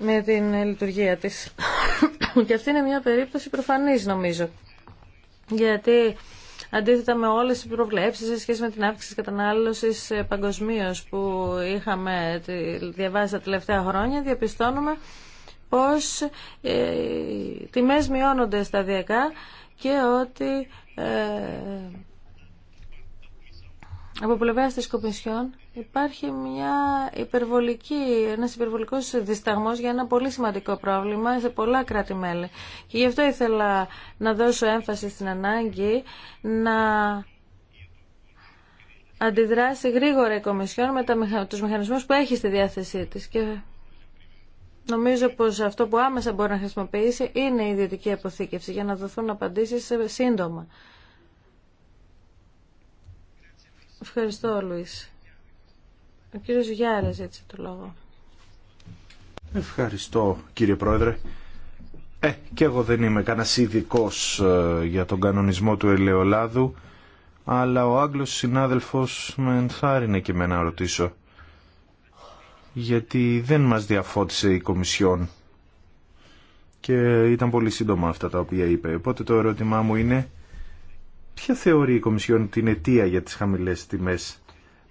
με την ε, λειτουργία της. και αυτή είναι μια περίπτωση προφανής νομίζω. Γιατί αντίθετα με όλες τις προβλέψεις σε σχέση με την αύξηση κατανάλωση κατανάλωσης ε, παγκοσμίω που είχαμε διαβάσει τα τελευταία χρόνια, διαπιστώνουμε πως ε, τιμές μειώνονται σταδιακά και ότι ε, από πλευρά τη Κομισιόν υπάρχει μια υπερβολική, ένας υπερβολικός δισταγμός για ένα πολύ σημαντικό πρόβλημα σε πολλά κράτη-μέλη. Και γι' αυτό ήθελα να δώσω έμφαση στην ανάγκη να αντιδράσει γρήγορα η Κομισιόν με τα, τους μηχανισμούς που έχει στη διάθεσή της. Και νομίζω πως αυτό που άμεσα μπορεί να χρησιμοποιήσει είναι η ιδιωτική αποθήκευση για να δοθούν απαντήσεις σύντομα. Ευχαριστώ, Λουίς. Ο κύριος Γιάρας έτσι το λόγο. Ευχαριστώ, κύριε Πρόεδρε. Ε, και εγώ δεν είμαι κανένα ειδικό ε, για τον κανονισμό του ελαιολάδου, αλλά ο Άγγλος συνάδελφος με ενθάρρυνε και με να ρωτήσω, γιατί δεν μας διαφώτισε η Κομισιόν και ήταν πολύ σύντομα αυτά τα οποία είπε. Οπότε το ερώτημά μου είναι Ποια θεωρεί η Κομισιόν την αιτία για τις χαμηλές τιμές.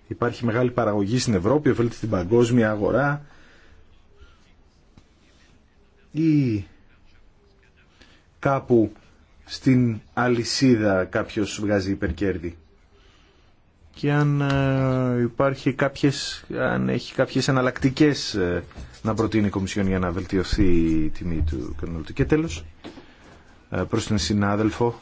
Υπάρχει μεγάλη παραγωγή στην Ευρώπη, ωφελείται στην παγκόσμια αγορά. Ή κάπου στην αλυσίδα κάποιος βγάζει υπερκέρδη. Και αν ε, υπάρχει κάποιες, αν έχει κάποιες αναλλακτικές ε, να προτείνει η Κομισιόν για να βελτιωθεί η τιμή του καταναλωτή. Και τέλος, ε, προς την συνάδελφο,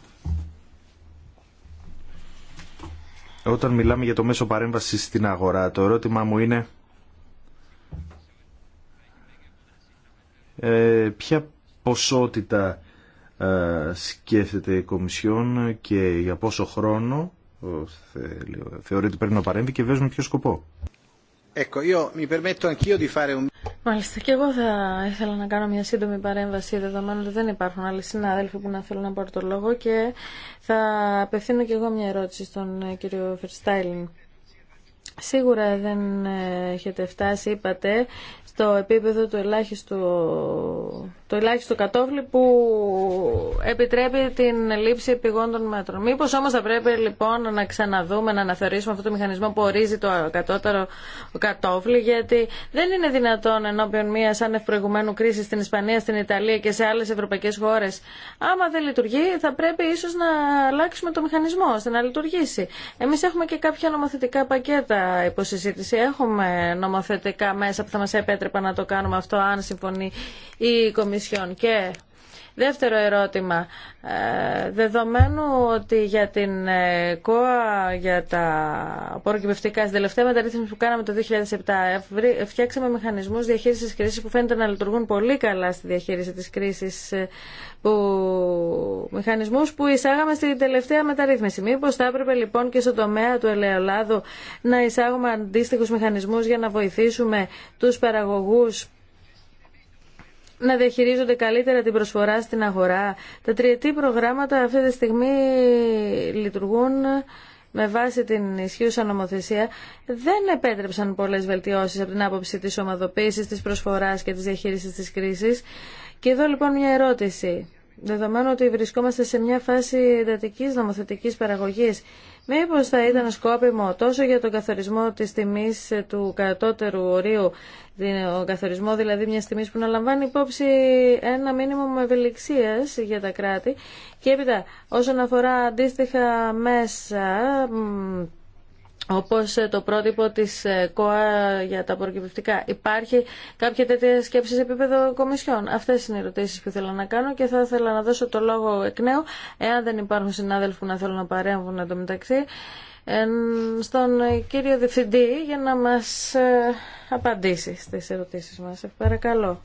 Όταν μιλάμε για το μέσο παρέμβαση στην αγορά, το ερώτημά μου είναι ε, ποια ποσότητα ε, σκέφτεται η Κομισιόν και για πόσο χρόνο θεωρείται ότι πρέπει να παρέμβει και βέβαια με ποιο σκοπό. Μάλιστα και εγώ θα ήθελα να κάνω μια σύντομη παρέμβαση δεδομένου ότι δεν υπάρχουν άλλοι συνάδελφοι που να θέλουν να πάρουν το λόγο και θα απευθύνω και εγώ μια ερώτηση στον ε, κύριο Φερστάιλιν. Σίγουρα δεν ε, έχετε φτάσει, είπατε, στο επίπεδο του ελάχιστου το ελάχιστο κατόφλι που επιτρέπει την λήψη επιγόντων μέτρων. Μήπω όμω θα πρέπει λοιπόν να ξαναδούμε, να αναθεωρήσουμε αυτό το μηχανισμό που ορίζει το κατώτερο κατόφλι, γιατί δεν είναι δυνατόν ενώπιον μια σαν ευπροηγουμένου κρίση στην Ισπανία, στην Ιταλία και σε άλλε ευρωπαϊκέ χώρε. Άμα δεν λειτουργεί, θα πρέπει ίσω να αλλάξουμε το μηχανισμό ώστε να λειτουργήσει. Εμεί έχουμε και κάποια νομοθετικά πακέτα υποσυζήτηση. Έχουμε νομοθετικά μέσα που θα μα επέτρεπαν να το κάνουμε αυτό, αν συμφωνεί η και Δεύτερο ερώτημα. Ε, δεδομένου ότι για την ε, ΚΟΑ, για τα ποροκυπευτικά, στην τελευταία μεταρρύθμιση που κάναμε το 2007, φτιάξαμε μηχανισμούς διαχείρισης κρίσης που φαίνεται να λειτουργούν πολύ καλά στη διαχείριση της κρίσης, ε, που... μηχανισμούς που εισάγαμε στην τελευταία μεταρρύθμιση. Μήπως θα έπρεπε λοιπόν και στο τομέα του ελαιολάδου να εισάγουμε αντίστοιχους μηχανισμούς για να βοηθήσουμε τους παραγωγούς να διαχειρίζονται καλύτερα την προσφορά στην αγορά. Τα τριετή προγράμματα αυτή τη στιγμή λειτουργούν με βάση την ισχύουσα νομοθεσία δεν επέτρεψαν πολλές βελτιώσεις από την άποψη της ομαδοποίησης, της προσφοράς και της διαχείρισης της κρίσης. Και εδώ λοιπόν μια ερώτηση. Δεδομένου ότι βρισκόμαστε σε μια φάση εντατική νομοθετικής παραγωγής, μήπως θα ήταν σκόπιμο τόσο για τον καθορισμό της τιμής του κατώτερου ορίου ο καθορισμό δηλαδή μια τιμή που να λαμβάνει υπόψη ένα μήνυμο ευελιξία για τα κράτη. Και έπειτα, όσον αφορά αντίστοιχα μέσα, όπως το πρότυπο τη ε, ΚΟΑ για τα προκυπτικά. Υπάρχει κάποια τέτοια σκέψη σε επίπεδο κομισιών. Αυτές είναι οι ερωτήσει που ήθελα να κάνω και θα ήθελα να δώσω το λόγο εκ νέου, εάν δεν υπάρχουν συνάδελφοι που να θέλουν να παρέμβουν εντωμεταξύ. μεταξύ στον κύριο Διευθυντή για να μας ε, απαντήσει στις ερωτήσεις μας. Ε, παρακαλώ.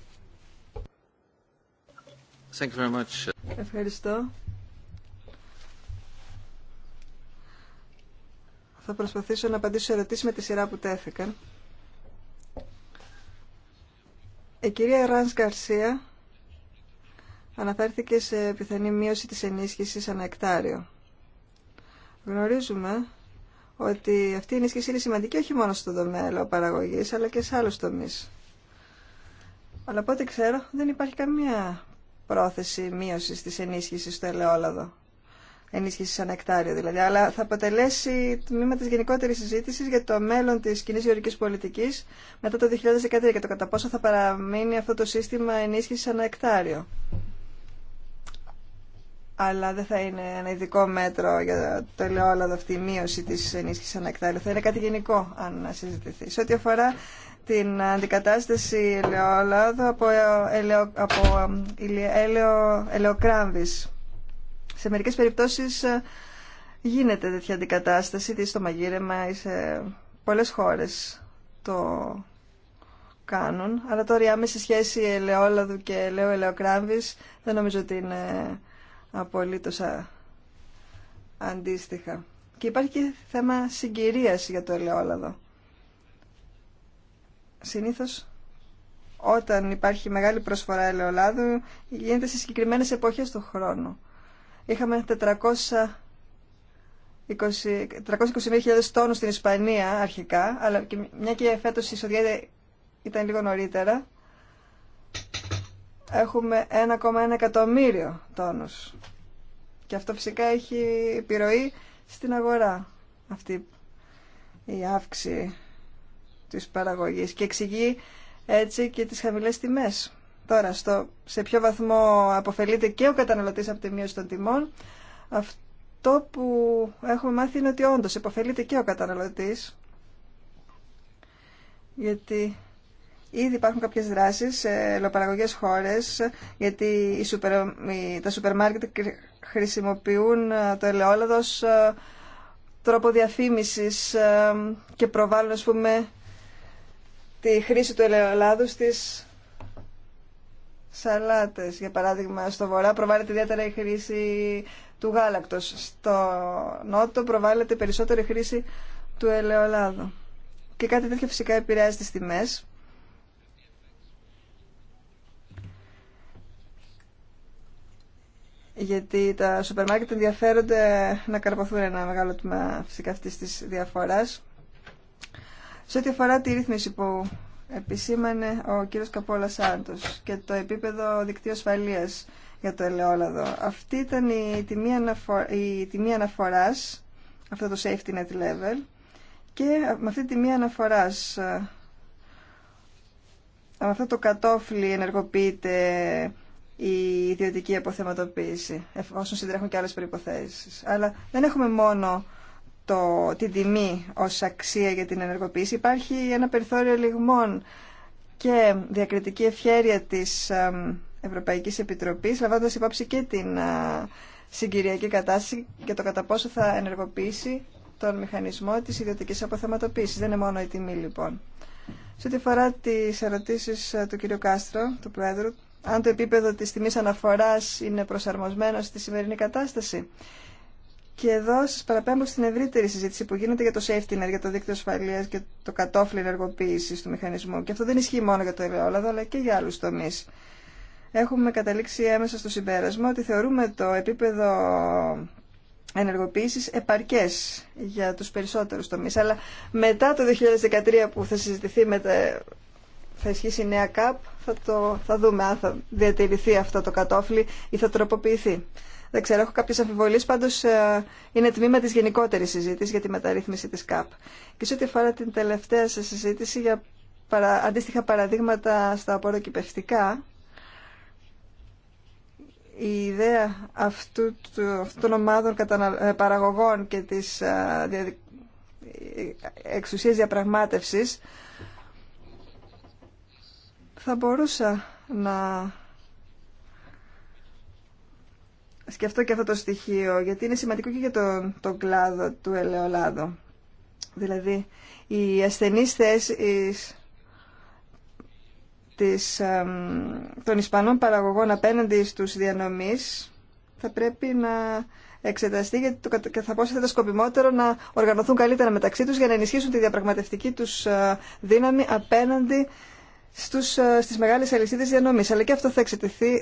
Ευχαριστώ. Θα προσπαθήσω να απαντήσω σε ερωτήσεις με τη σειρά που τέθηκαν. Η κυρία Ράνς Γκαρσία αναφέρθηκε σε πιθανή μείωση της ενίσχυσης ανά εκτάριο. Γνωρίζουμε ότι αυτή η ενίσχυση είναι σημαντική όχι μόνο στο τομέα παραγωγή, αλλά και σε άλλου τομεί. Αλλά από ό,τι ξέρω δεν υπάρχει καμία πρόθεση μείωση τη ενίσχυση στο ελαιόλαδο. Ενίσχυση σαν εκτάριο δηλαδή. Αλλά θα αποτελέσει τμήμα τη γενικότερη συζήτηση για το μέλλον τη κοινή γεωρική πολιτική μετά το 2013 και το κατά πόσο θα παραμείνει αυτό το σύστημα ενίσχυση σαν εκτάριο αλλά δεν θα είναι ένα ειδικό μέτρο για το ελαιόλαδο αυτή η μείωση της ενίσχυση ανακτάριου. Θα είναι κάτι γενικό αν συζητηθεί. Σε ό,τι αφορά την αντικατάσταση Ελαιόλαδο από, ελαιο, από ελαιο, Σε μερικές περιπτώσεις ε, γίνεται τέτοια αντικατάσταση, είτε στο μαγείρεμα ή σε πολλές χώρες το κάνουν. Αλλά τώρα η σε πολλες χώρε το σχέση ελαιόλαδου και ελαιοελαιοκράμβη δεν νομίζω ότι είναι απολύτως αντίστοιχα. Και υπάρχει και θέμα συγκυρίας για το ελαιόλαδο. Συνήθως όταν υπάρχει μεγάλη προσφορά ελαιολάδου γίνεται σε συγκεκριμένες εποχές του χρόνου. Είχαμε 420.000 τόνου τόνους στην Ισπανία αρχικά, αλλά και μια και φέτος η εισοδιά ήταν λίγο νωρίτερα έχουμε 1,1 εκατομμύριο τόνους. Και αυτό φυσικά έχει επιρροή στην αγορά αυτή η αύξηση της παραγωγής και εξηγεί έτσι και τις χαμηλές τιμές. Τώρα, στο, σε ποιο βαθμό αποφελείται και ο καταναλωτής από τη μείωση των τιμών, αυτό που έχουμε μάθει είναι ότι όντως αποφελείται και ο καταναλωτής, γιατί Ήδη υπάρχουν κάποιες δράσεις σε ελοπαραγωγές χώρες, γιατί τα σούπερ μάρκετ χρησιμοποιούν ε, το ελαιόλαδο ως ε, τρόπο διαφήμισης ε, και προβάλλουν, ας πούμε, τη χρήση του ελαιολάδου στις σαλάτες. Για παράδειγμα, στο βορρά προβάλλεται ιδιαίτερα η χρήση του γάλακτος. Στο νότο προβάλλεται περισσότερη χρήση του ελαιολάδου. Και κάτι τέτοιο φυσικά επηρεάζει τις τιμές γιατί τα σούπερ μάρκετ ενδιαφέρονται να καρποθούν ένα μεγάλο τμήμα φυσικά αυτής της διαφοράς. Σε ό,τι αφορά τη ρύθμιση που επισήμανε ο κύριος Καπόλα Σάντος και το επίπεδο δικτύου ασφαλείας για το ελαιόλαδο. Αυτή ήταν η τιμή, αναφορά, αναφοράς, αυτό το safety net level, και με αυτή τη τιμή αναφοράς, ε, με αυτό το κατόφλι ενεργοποιείται η ιδιωτική αποθεματοποίηση, εφόσον συντρέχουν και άλλες προϋποθέσεις. Αλλά δεν έχουμε μόνο το, την τιμή ως αξία για την ενεργοποίηση. Υπάρχει ένα περιθώριο λιγμών και διακριτική ευχέρεια της Ευρωπαϊκής Επιτροπής, λαμβάνοντας υπόψη και την ε, συγκυριακή κατάσταση και το κατά πόσο θα ενεργοποιήσει τον μηχανισμό της ιδιωτικής αποθεματοποίησης. Δεν είναι μόνο η τιμή λοιπόν. Σε ό,τι αφορά τις ερωτήσεις ε, του κ. Κάστρο, του Πρόεδρου, αν το επίπεδο της τιμής αναφοράς είναι προσαρμοσμένο στη σημερινή κατάσταση. Και εδώ σα παραπέμπω στην ευρύτερη συζήτηση που γίνεται για το safety net, για το δίκτυο ασφαλεία και το κατόφλι ενεργοποίηση του μηχανισμού. Και αυτό δεν ισχύει μόνο για το ελαιόλαδο, αλλά και για άλλου τομεί. Έχουμε καταλήξει έμεσα στο συμπέρασμα ότι θεωρούμε το επίπεδο ενεργοποίηση επαρκέ για του περισσότερου τομεί. Αλλά μετά το 2013 που θα συζητηθεί, με θα ισχύσει η νέα ΚΑΠ, θα, το, θα δούμε αν θα διατηρηθεί αυτό το κατόφλι ή θα τροποποιηθεί. Δεν ξέρω, έχω κάποιες αμφιβολίες, πάντως ε, είναι τμήμα της γενικότερης συζήτησης για τη μεταρρύθμιση της ΚΑΠ. Και σε ό,τι αφορά την τελευταία σας συζήτηση για παρα, αντίστοιχα παραδείγματα στα απορροκυπευτικά, η ιδέα αυτού, αυτών των ομάδων ε, παραγωγών και της ε, εξουσίας διαπραγμάτευσης θα μπορούσα να σκεφτώ και αυτό το στοιχείο, γιατί είναι σημαντικό και για τον, τον κλάδο του ελαιολάδου. Δηλαδή, οι ασθενείς θέσει της, των Ισπανών παραγωγών απέναντι στους διανομείς θα πρέπει να εξεταστεί γιατί το, και θα πω σε σκοπιμότερο να οργανωθούν καλύτερα μεταξύ τους για να ενισχύσουν τη διαπραγματευτική τους ε, δύναμη απέναντι στους, ε, στις μεγάλες αλυσίδες διανομής. Αλλά και αυτό θα,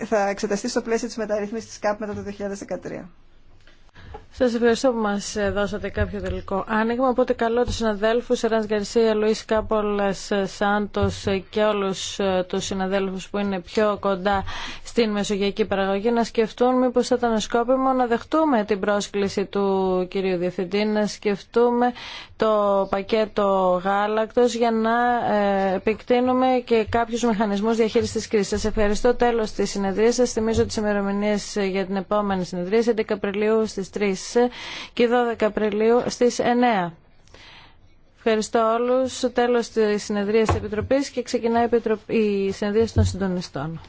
θα εξεταστεί στο πλαίσιο της μεταρρύθμισης της ΚΑΠ μετά το 2013. Σα ευχαριστώ που μα δώσατε κάποιο τελικό άνοιγμα. Οπότε καλώ του συναδέλφου, Εράν Γκαρσία, Λουίς Κάπολα, Σάντος και όλου του συναδέλφου που είναι πιο κοντά στην μεσογειακή παραγωγή να σκεφτούν μήπω θα ήταν σκόπιμο να δεχτούμε την πρόσκληση του κυρίου Διευθυντή, να σκεφτούμε το πακέτο γάλακτο για να ε, επεκτείνουμε και κάποιου μηχανισμού διαχείριση τη κρίσης. Σα ευχαριστώ τέλο τη συνεδρία, σα Θυμίζω τι ημερομηνίε για την επόμενη συνεδρία, 11 Απριλίου στι 3 και 12 Απριλίου στις 9. Ευχαριστώ όλους. Τέλος της συνεδρίας της Επιτροπής και ξεκινάει η συνεδρία των συντονιστών.